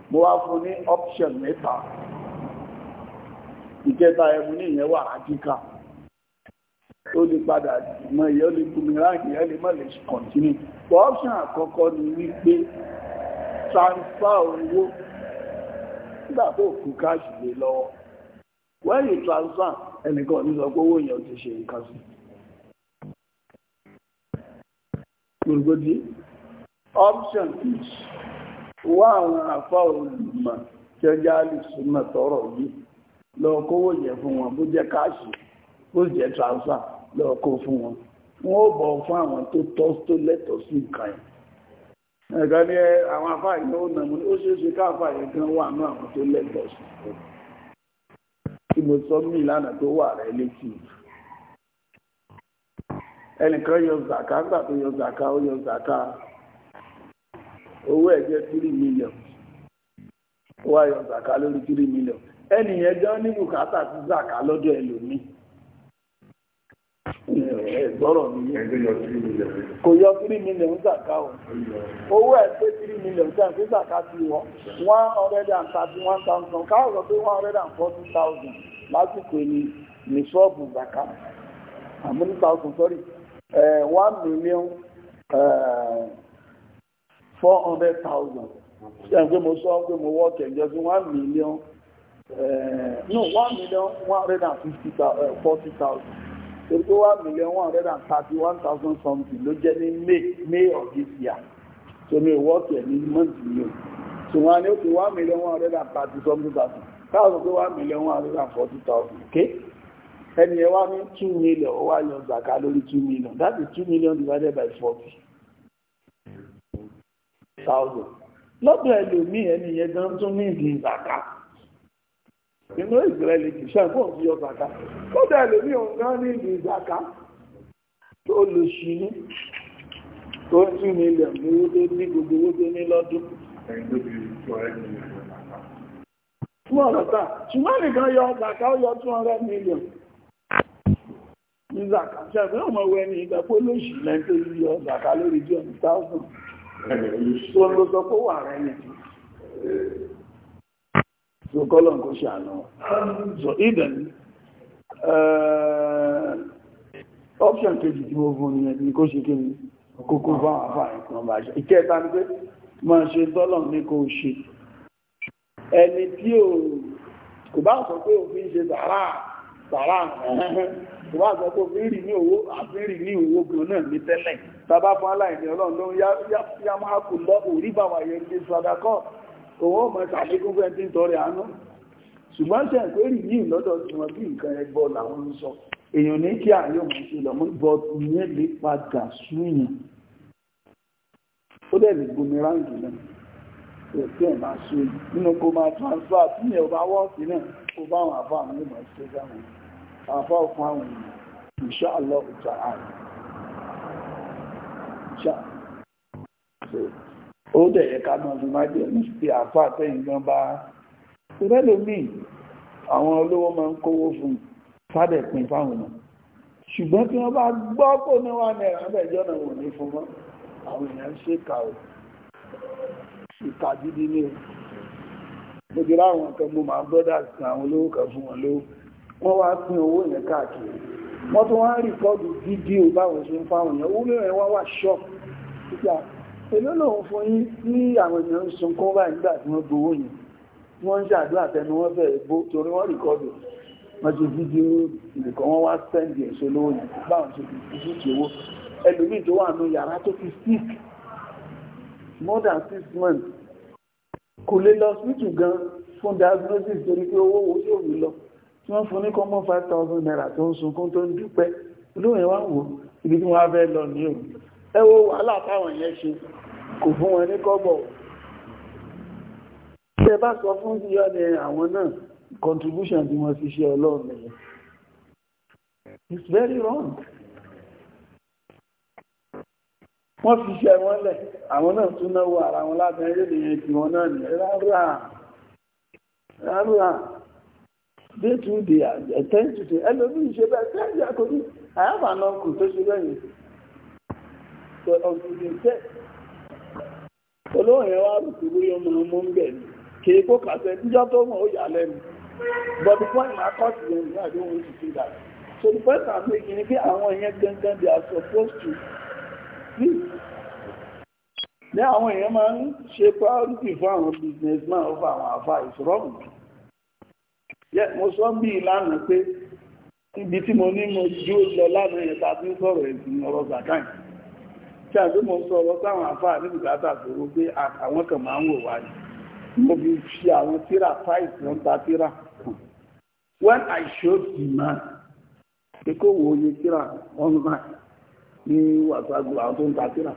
mo wá fún ní option mẹ́ta ìkẹta ẹ̀mú ní ìyẹn wà ájíká ó lè padà mọ ìyẹn ó lè boomerang ìyẹn lè mọ̀ lè continue but option àkọ́kọ́ ni wípé transfer owó nígbà tó kú káàṣì lé lọ́wọ́ when you transfer ẹnìkan ní sọ pé owó yẹn ti ṣe nǹkan sí option is wá àwọn àfá olùmọ̀ tí ó já lè súnmọ̀ tọrọ yìí lọ kówó yẹ fún wọn bó jẹ́ káàṣì bó jẹ́ transfer lọ kó fún wọn wọn ó bọ̀ fún àwọn tó tọ́ tó lẹ́tọ̀ọ́ sí nǹkan yìí ẹ̀gá ní àwọn afá ìgbà ó nàmú ó ṣeé ṣe káàfà yẹn gan wà ní àwọn tó lẹ́tọ̀ọ́ sí tí mo sọ mí ìlànà tó wà rẹ létí ẹnìkan yọ zàká nígbà tó yọ zàká ó yọ zàká owó ẹ̀ jẹ́ three million ó zaka yọ zàká lórí three million ẹnì yẹn gan ní bùkátà sí zàká lọ́dọ̀ ẹlòmíì ẹ̀gbọ́rọ̀ mi kò yọ three million zàká o owó ẹ̀ pé three zaka ten pé zàká ti wọ one hundred and thirty one thousand káwọn sọ pé one hundred and forty thousand lásìkò ní ní ṣọ́ọ̀bù sọ́rí one million. Uh, four hundred thousand ṣe n pé mo sọ pé mo wọ́ kẹ̀jọ sí one million eh, no one million one hundred and fifty thousand, eh, forty thousand torí pé one million one hundred and thirty one thousand something ló jẹ́ ní May May of this year so mi ò wọ́ kẹ̀ ní month yìí o so wọn á ní ó one million one hundred and thirty something thousand káàsọ̀ pé one million one hundred and forty thousand okay ẹni ẹ wá ní two million ó wá yan zaka lórí two million that is two million divided by forty thousand lọ́dọ̀ ẹlòmí ẹni yẹn gan tún ní ìdí ìzàká inú ìsìrẹ́lì kì í ṣàkóhùn sí yọ zàká lọ́dọ̀ ẹlòmí òun gan ní ìdí ìzàká tó lò sí ní tó ń tún ní ilẹ̀ owó tó ní gbogbo owó tó ní lọ́dún fún ọ̀rọ̀ tà ṣùgbọ́n nìkan yọ zàká ó yọ 200 million ní zàká ṣẹ̀fẹ́ ọmọ wẹ́ni ìgbàpó lóṣìí lẹ́ńtó wọn ló sọ pé wà rẹ nìyí so kọ́lọ̀ kò ṣàánú so even uh, option kejì tí mo fún ní kó ṣe kí ní kókó bá àfáà ìkan bá ṣe ìkẹta ní pé ma ṣe sàrà ìwà àgbẹ̀kọ́ mírì ní owó àfírì ní owó gan náà ní tẹ́lẹ̀ tàbá fún aláìní ọlọ́run ló ń yá máa kù lọ orí bàwà yẹn ní sọ́dákọ́ òun ò mọ̀ ṣàlékún fẹ́ tí ń tọrẹ àánú ṣùgbọ́n tẹ̀ pé rì ní ìlọ́dọ̀ tí wọ́n bí nǹkan ẹgbọ làwọn ń sọ èèyàn ní kí àárín òun ṣe lọ́mọ bọ́ ìyẹn lè padà súnyàn ó dẹ̀ lè gbomi ráǹdì náà ẹ̀sẹ̀ máa ṣe nínú kó máa transfer tí ìyẹn ò bá wọ́ọ̀sì náà àfá òfin àwọn insha Allah ta'ala ó dẹ̀yẹ ká náà fi máa jẹ́ nítorí àfá àtẹ́yìn gan bá rẹ́lòmí àwọn olówó máa ń kówó fún fádẹ̀ pin fáwọn náà ṣùgbọ́n tí wọ́n bá gbọ́ kò ní wà náírà ẹgbẹ̀jọ́ náà wò ní fún wọn àwọn èèyàn ṣe kà ó ìkà gidi ní o mo ti láwọn kan mo máa brọ́dà sí àwọn olówó kan fún wọn lówó wọ́n wá pín owó yẹn káàkiri wọ́n tún wá rìkọ́dù fídíò báwọn ṣe ń fáwọn èèyàn owó lóyìn wọ́n wà ṣọ́ títà èló lòun fún yín ní àwọn èèyàn ń sunkún báyìí nígbà tí wọ́n gbowó yẹn wọ́n ń ṣàdúrà tẹnu wọ́n fẹ́ bó torí wọ́n rìkọ́dù wọ́n ti fídíò nìkan wọ́n wá sẹ́ndì èso lówó yẹn báwọn ṣe fi fi ṣe owó ẹlòmíì tó wà nù yàrá tó fi sick more than six months kò lè lọ hospital gan fún diagnosis torí pé owó wo yóò rí lọ wọ́n fún ní kọ́mọ́ 5,000 naira tó ń sunkún tó ń dúpẹ́ olóòyìn wá wò ibi tí wọ́n fẹ́ lọ ní o ẹ wo wàhálà yẹn ṣe kò fún wọn ní kọ́bọ̀ tẹ bá sọ fún yíyọ́ ni àwọn náà contribution tí wọ́n fi ṣe ọlọ́run it's very wrong they two they attend to the ẹlòmíì ṣe bẹ́ẹ̀ ṣe ẹ̀jẹ̀ I have an tó ṣe so uncle ọmọ ọmọ ń ni kó kàṣẹ tó ó yà but the point na I so the first time pé kìíní pé àwọn èèyàn gangan they are supposed to be. ní àwọn èèyàn máa ń ṣe priority fún àwọn businessman over àwọn wrong. mo sọ bí ìlànà pé ibi tí mo ní mo jú lọ lánà ẹ̀ta tí ń sọ̀rọ̀ ẹ̀sìn ọ̀rọ̀ zakai tí a gbé mo sọ ọ̀rọ̀ sáwọn àfáà ní bùkátà tòrò pé àwọn kan máa ń wò wáyé mo fi fi àwọn tíra price ń ta tíra when i showed the man pé kó wo oye tíra online ní wàtàgbò àwọn tó ń ta tíra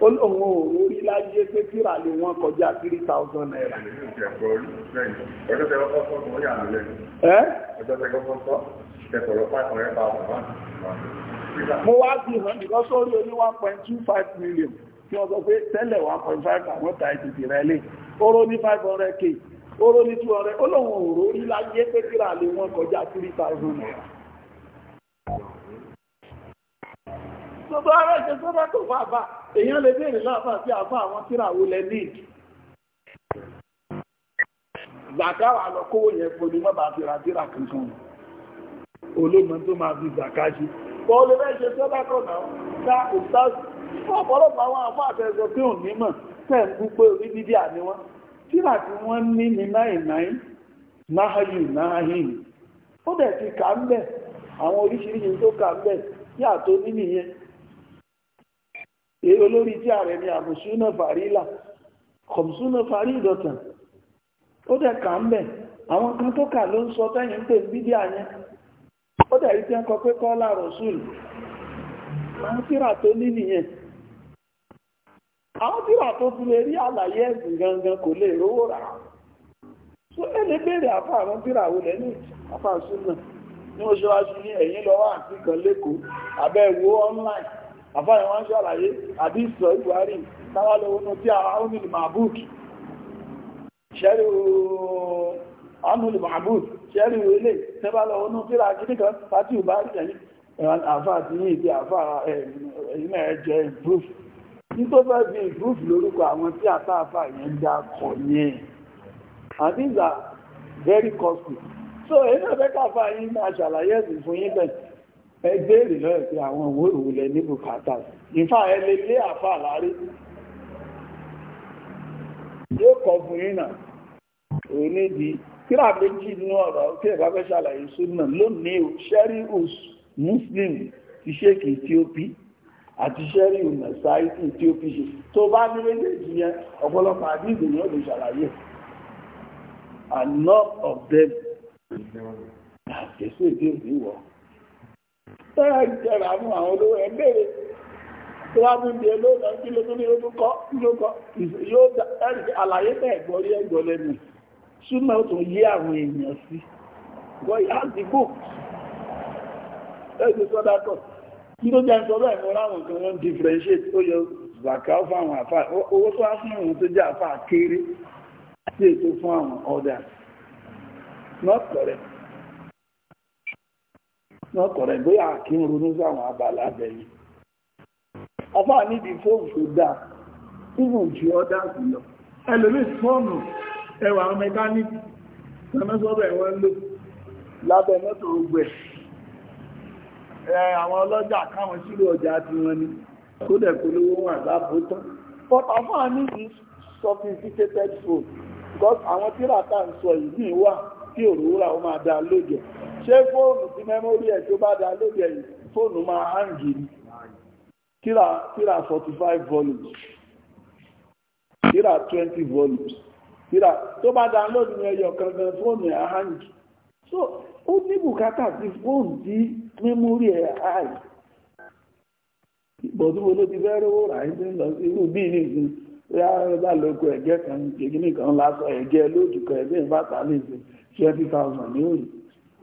ó lóun ò rí láyé pé tíra lè wọ́n kọjá three thousand naira. ọjọ́ tẹ kọ́kọ́ sọ ọmọ yàrá lẹ́nu. ọjọ́ tẹ kọ́kọ́ sọ ẹ̀kọ́rọ̀ five hundred thousand one. mo wá bí hàn nìkan sórí oní one point two five million tí wọ́n sọ pé tẹ́lẹ̀ one point five àwọn ta ìtìtì rẹ̀ lé oró ní five hundred k oró ní two hundred ó lóun ò rí láyé pé tíra lè wọ́n kọjá three thousand naira. tó bá rẹ̀ ṣe sọ́dá tó fà bá èèyàn lè béèrè láàbà sí àbá àwọn tíra wo lẹ ní ìdí zaka wà lọ kówó yẹn foni wọ́n bá tíra tíra kankan olóògbọ́n tó máa fi zaka ṣe bọ́ọ̀lù rẹ̀ ṣe sọ́dá kọ̀ náà ká òtítàzì fún ọ̀pọ̀lọpọ̀ àwọn àfọ́ àtẹ̀sọ pé òní mọ̀ tẹ̀ ń bú pé orí dídí àní wọn tíra tí wọ́n ní ní náì náì náhàyù náhàyìn ó dẹ̀ ti kà ń bẹ̀ àwọn oríṣiríṣi tó kà ń bẹ̀ yàtọ̀ nínú yẹn èyí olórí tí ààrẹ ni àbùsúnà fàrílà kọ̀mùsúnà fàrí ìdọ̀tàn ó dẹ̀ kà ń bẹ̀ àwọn kan tó kà ló ń sọ tẹ́yìn ń pè ní bídí àyẹn ó dẹ̀ rí tí ń kọ pé kọ́lá rọ̀sùl máa tíra tó ní nìyẹn àwọn tíra gangan kò lè rówó rà so ẹni béèrè àfa àwọn tíra wo lẹ́nu àfa ni ní oṣù wa sí ẹ̀yìn lọ́wọ́ kan online àfáàyàn wọ́n ṣàlàyé àdísọ̀ ìwárí tàwálọ́wọ́nà tí àwọn olùmọ̀bùkì ṣẹ́rí àwọn olùmọ̀bùkì ṣẹ́rí ilé tẹ́bálọ́wọ́nà tí ra kìdíkan pàtí ò bá rẹ̀ àfáà ti ní ìdí àfáà ẹ̀yìn ẹ̀jẹ̀ improve ní tó fẹ́ bí improve lórúkọ àwọn tí àtàfà yẹn dá kọ̀ yẹn and these are very costly so èyí náà fẹ́ káfà yìí máa ṣàlàyé ẹ̀sìn fún ẹ béèrè lọ́rẹ̀ pé àwọn òwe òwúlẹ̀ ní bùkátà ìfà ẹ lè lé àfà lárí yóò kọ fún ìrìnà onídi kíra méjì nínú ọ̀rọ̀ tí ẹ̀bá fẹ́ ṣàlàyé súnà lónìí o ṣẹ́rí us muslim ti ṣéèkì etiopi àti ṣẹ́rí unasai ti etiopi ṣe tó bá ní méjèèjì yẹn ọ̀pọ̀lọpọ̀ àdíjì ni ó lè ṣàlàyé and none of them kèsè èdè òní wọ̀ tẹ́rà jẹ́rà fún àwọn olówó ẹgbẹ́rẹ̀ tó wá tún di olóòrùn kí ló tún ní ó tún kọ́ yóò kọ́ yóò àlàyé tẹ́ ẹ̀gbọ́rí ẹ̀gbọ́ lẹ́nu súnmọ́ ó tún yé àwọn èèyàn sí gbọ́ ìyá ti bò ẹ̀sìn sọ́dá kọ̀ kí ló jẹ́ sọ́dọ̀ ẹ̀mọ́ láwọn kan wọ́n differentiate ó yọ zaka fún àwọn àfà owó tó wá fún àwọn tó jẹ́ àfà kéré sí ètò fún àwọn ọ̀dà not correct náà kọ̀rẹ̀ bóyá kí n ronú sáwọn abàlá bẹ̀yìn ọba níbi fóònù tó dáa fúnmù ju ọ́dá sí lọ ẹlòmí fóònù ẹwà mẹkáníkì lọ́mọ́sọ́bẹ̀ wọ́n lò lábẹ́ mọ́tò ogun ẹ̀ àwọn ọlọ́jà káwọn sílò ọjà ti wọn ni kó dẹ̀ kó lówó wọn àgbàbò tán but àfáà níbi sophisticated phone because àwọn tíra tá ń sọ yìí wà tí òru ó máa dá ṣé fóònù tí mẹ́mórì ẹ̀ tó bá dá lóde yìí fóònù máa hàǹgì ni kíra kíra volumes kíra volumes kíra tó bá dá lóde ní ẹyọ kankan fóònù ẹ̀ so ó ní bùkátà sí fóònù tí ẹ̀ ló ti fẹ́ rówó rà lọ sí irú bá lóko ẹ̀gẹ́ kan kan ẹ̀gẹ́ kan twenty thousand ní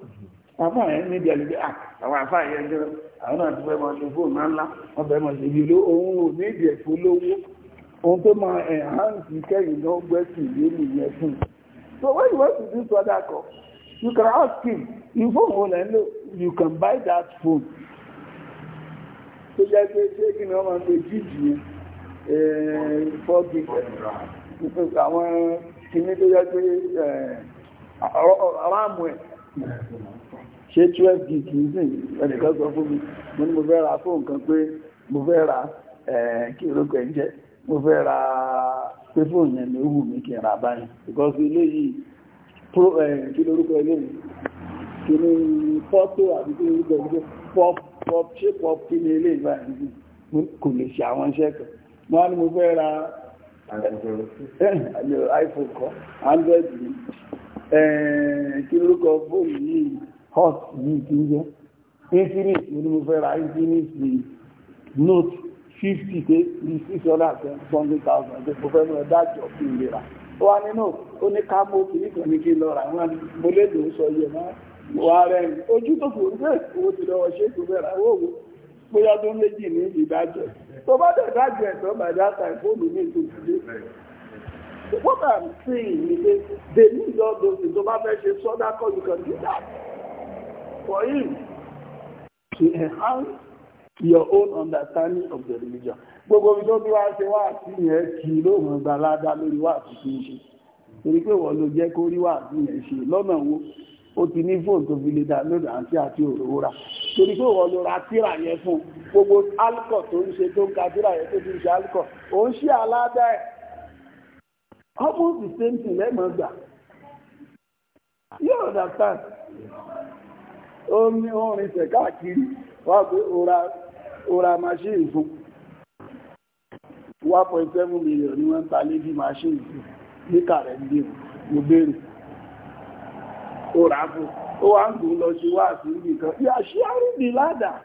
òòlù àfáà yẹn níbi ẹ̀lẹ́gbẹ́ ah, àwọn àfáà yẹn jẹ́ àwọn náà ti fẹ́ máa ṣe fóònù ńlá wọ́n fẹ́ máa ṣe ibi ló ohun ò ní ìdí ẹ̀fọ́ lówó ohun tó máa enhance kẹ́yìn náà gbẹ́sì lé nìyẹn fún so when you want to do sadaqa you can ask him if phone wo lẹ́ ń you can buy that phone tó jẹ́ pé ṣé kí ni wọ́n máa ń pe jíjì yẹn eh, fọ́ọ̀gì àwọn kìíní tó jẹ́ pé eh, ráàmù ẹ̀ ṣe 12 gig ní ẹnìkan sọ fún mi mo ní mo fẹ́ ra fóònù kan pé mo fẹ́ ra kí ìrókò ẹ̀ jẹ́ mo fẹ́ ra pé fóònù yẹn ló wù mí kí n ra báyìí because ilé yìí kí lórúkọ ilé yìí kí ní fọ́tò àti kí lórúkọ ilé pop pop pop kí ní ilé ìbáyìí kò lè ṣe àwọn iṣẹ́ kan wọ́n ní mo fẹ́ ra iPhone kan 100 kí lórúkọ fóònù yìí hot yìí kí ń jẹ́ infinite mo ní mo fẹ́ ra infinite note fifty pé ní six hundred and twenty something thousand tó fẹ́ mú ẹ dájọ́ fún ìlera ó wá nínú ó ní ká mú kìíní kan ní kí n lọ rà wọn mo lè lòó sọ yẹ mọ́ wà rẹ̀ ojú tó kù bẹ́ẹ̀ owó ti lọ́wọ́ ṣé kò bẹ́ẹ̀ rà owó bóyá tó méjì ní ìdájọ́ tó bá dẹ̀ dájọ́ ẹ̀ tó bàjẹ́ ní ìtòkùdé What I'm saying is that they need all those things. Ọba fẹ́ ṣe sọ́dá kọ́, you can do that for him to enhance your own understanding of the religion. Gbogbo ibi tó bí wá ṣe wá sí yẹn kì í lóhùn gbalada lórí wá àtúntò ṣe. Torí pé wọ́n ló jẹ́ kó rí wá àtúntò yẹn ṣe lọ́nà wo ó ti ní fóònù tó fi lè dá lórí àǹtí àti òróró rà torí pé wọ́n lọ ra tíra yẹn fún gbogbo alcohol tó ń ṣe tó ń ka tíra yẹn tó ti ń ṣe alcohol òun ṣí aládàá ẹ̀ almost the same thing lẹ́mọ̀ gbà yóò understand omi orin tẹ̀ káàkiri wà pé ora machine fún 1.7 million ni wọ́n ta lébi machine fún ní kàrẹ̀ ní mo béèrè ora fún ó wá ń gùn lọ sí wá sí nìkan yà ṣí àrùbí ládàá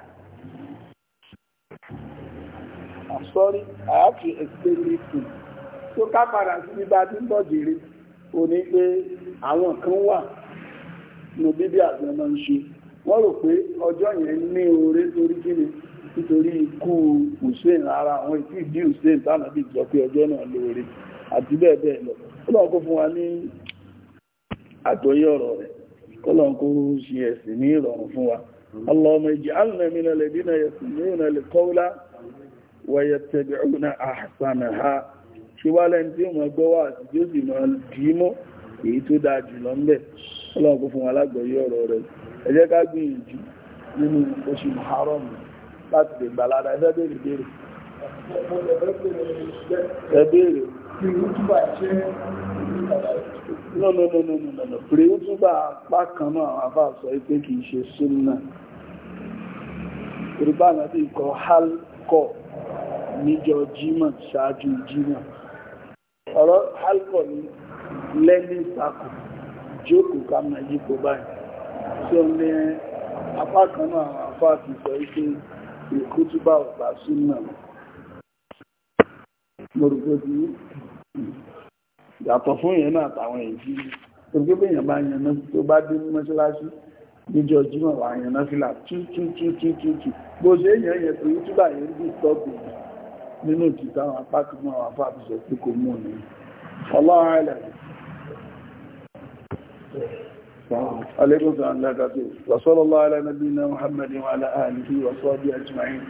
I'm sorry, I have to explain this to you. tó ká padà sí bíbá tí ń bọ̀ jèrè ò ní pé àwọn kan wà ní bíbí ń ṣe wọ́n rò pé ọjọ́ yẹn ní oore torí nítorí ikú hussein ara àwọn ìtú ìdí hussein tánà bí jọ pé ọjọ́ náà lóore àti bẹ́ẹ̀ bẹ́ẹ̀ lọ kó fún wa ní ọ̀rọ̀ rẹ̀ kó ṣe ẹ̀sìn ní ìrọ̀rùn ṣe wá lẹ́ni tí ó mọ̀ gbọ́ wà àti tí ó sì mọ̀ dìí mọ́ èyí tó dáa jùlọ ńbẹ̀ ọlọ́run kó fún wa lágbọ̀ọ́yé ọ̀rọ̀ rẹ̀ ẹ jẹ́ ká gbìyànjú nínú oṣù Muharram láti lè gbà lára ẹgbẹ́ béèrè béèrè ẹ béèrè no no no no no no pèrè ó túbà apá kan náà àwọn afá sọ pé kì í ṣe súnmọ́ yorùbá àti ikọ̀ halkọ̀ níjọ jímọ̀ ṣáájú jímọ̀ ọ̀rọ̀ halkọ̀ ní lẹ́ni ìsàkùn jókòó ká máa yí kó báyìí tí ó ní apá kan náà àwọn afá ti sọ wípé ìkú túbà ọ̀gbà súnmọ̀ mọ̀rùgbòdì yàtọ̀ fún ìyẹn náà àtàwọn èyí torí pé èèyàn bá yẹn náà tó bá dé mọ́ṣáláṣí níjọ jímọ̀ wà yẹn náà fìlà tútútútútù bó ṣe èèyàn yẹn torí túbà yẹn dì tọ́gbìn nínú ìtìta àwọn apáti mọ́ àwọn afá àbìsọ̀ tí kò mú ní ọlọ́run ẹ̀lẹ̀ عليكم السلام ورحمة الله وصلى الله على نبينا محمد وعلى آله وصحبه أجمعين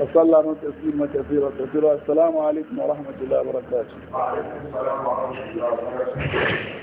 وصلى الله تسليما كثيرا كثيرا السلام عليكم ورحمة الله وبركاته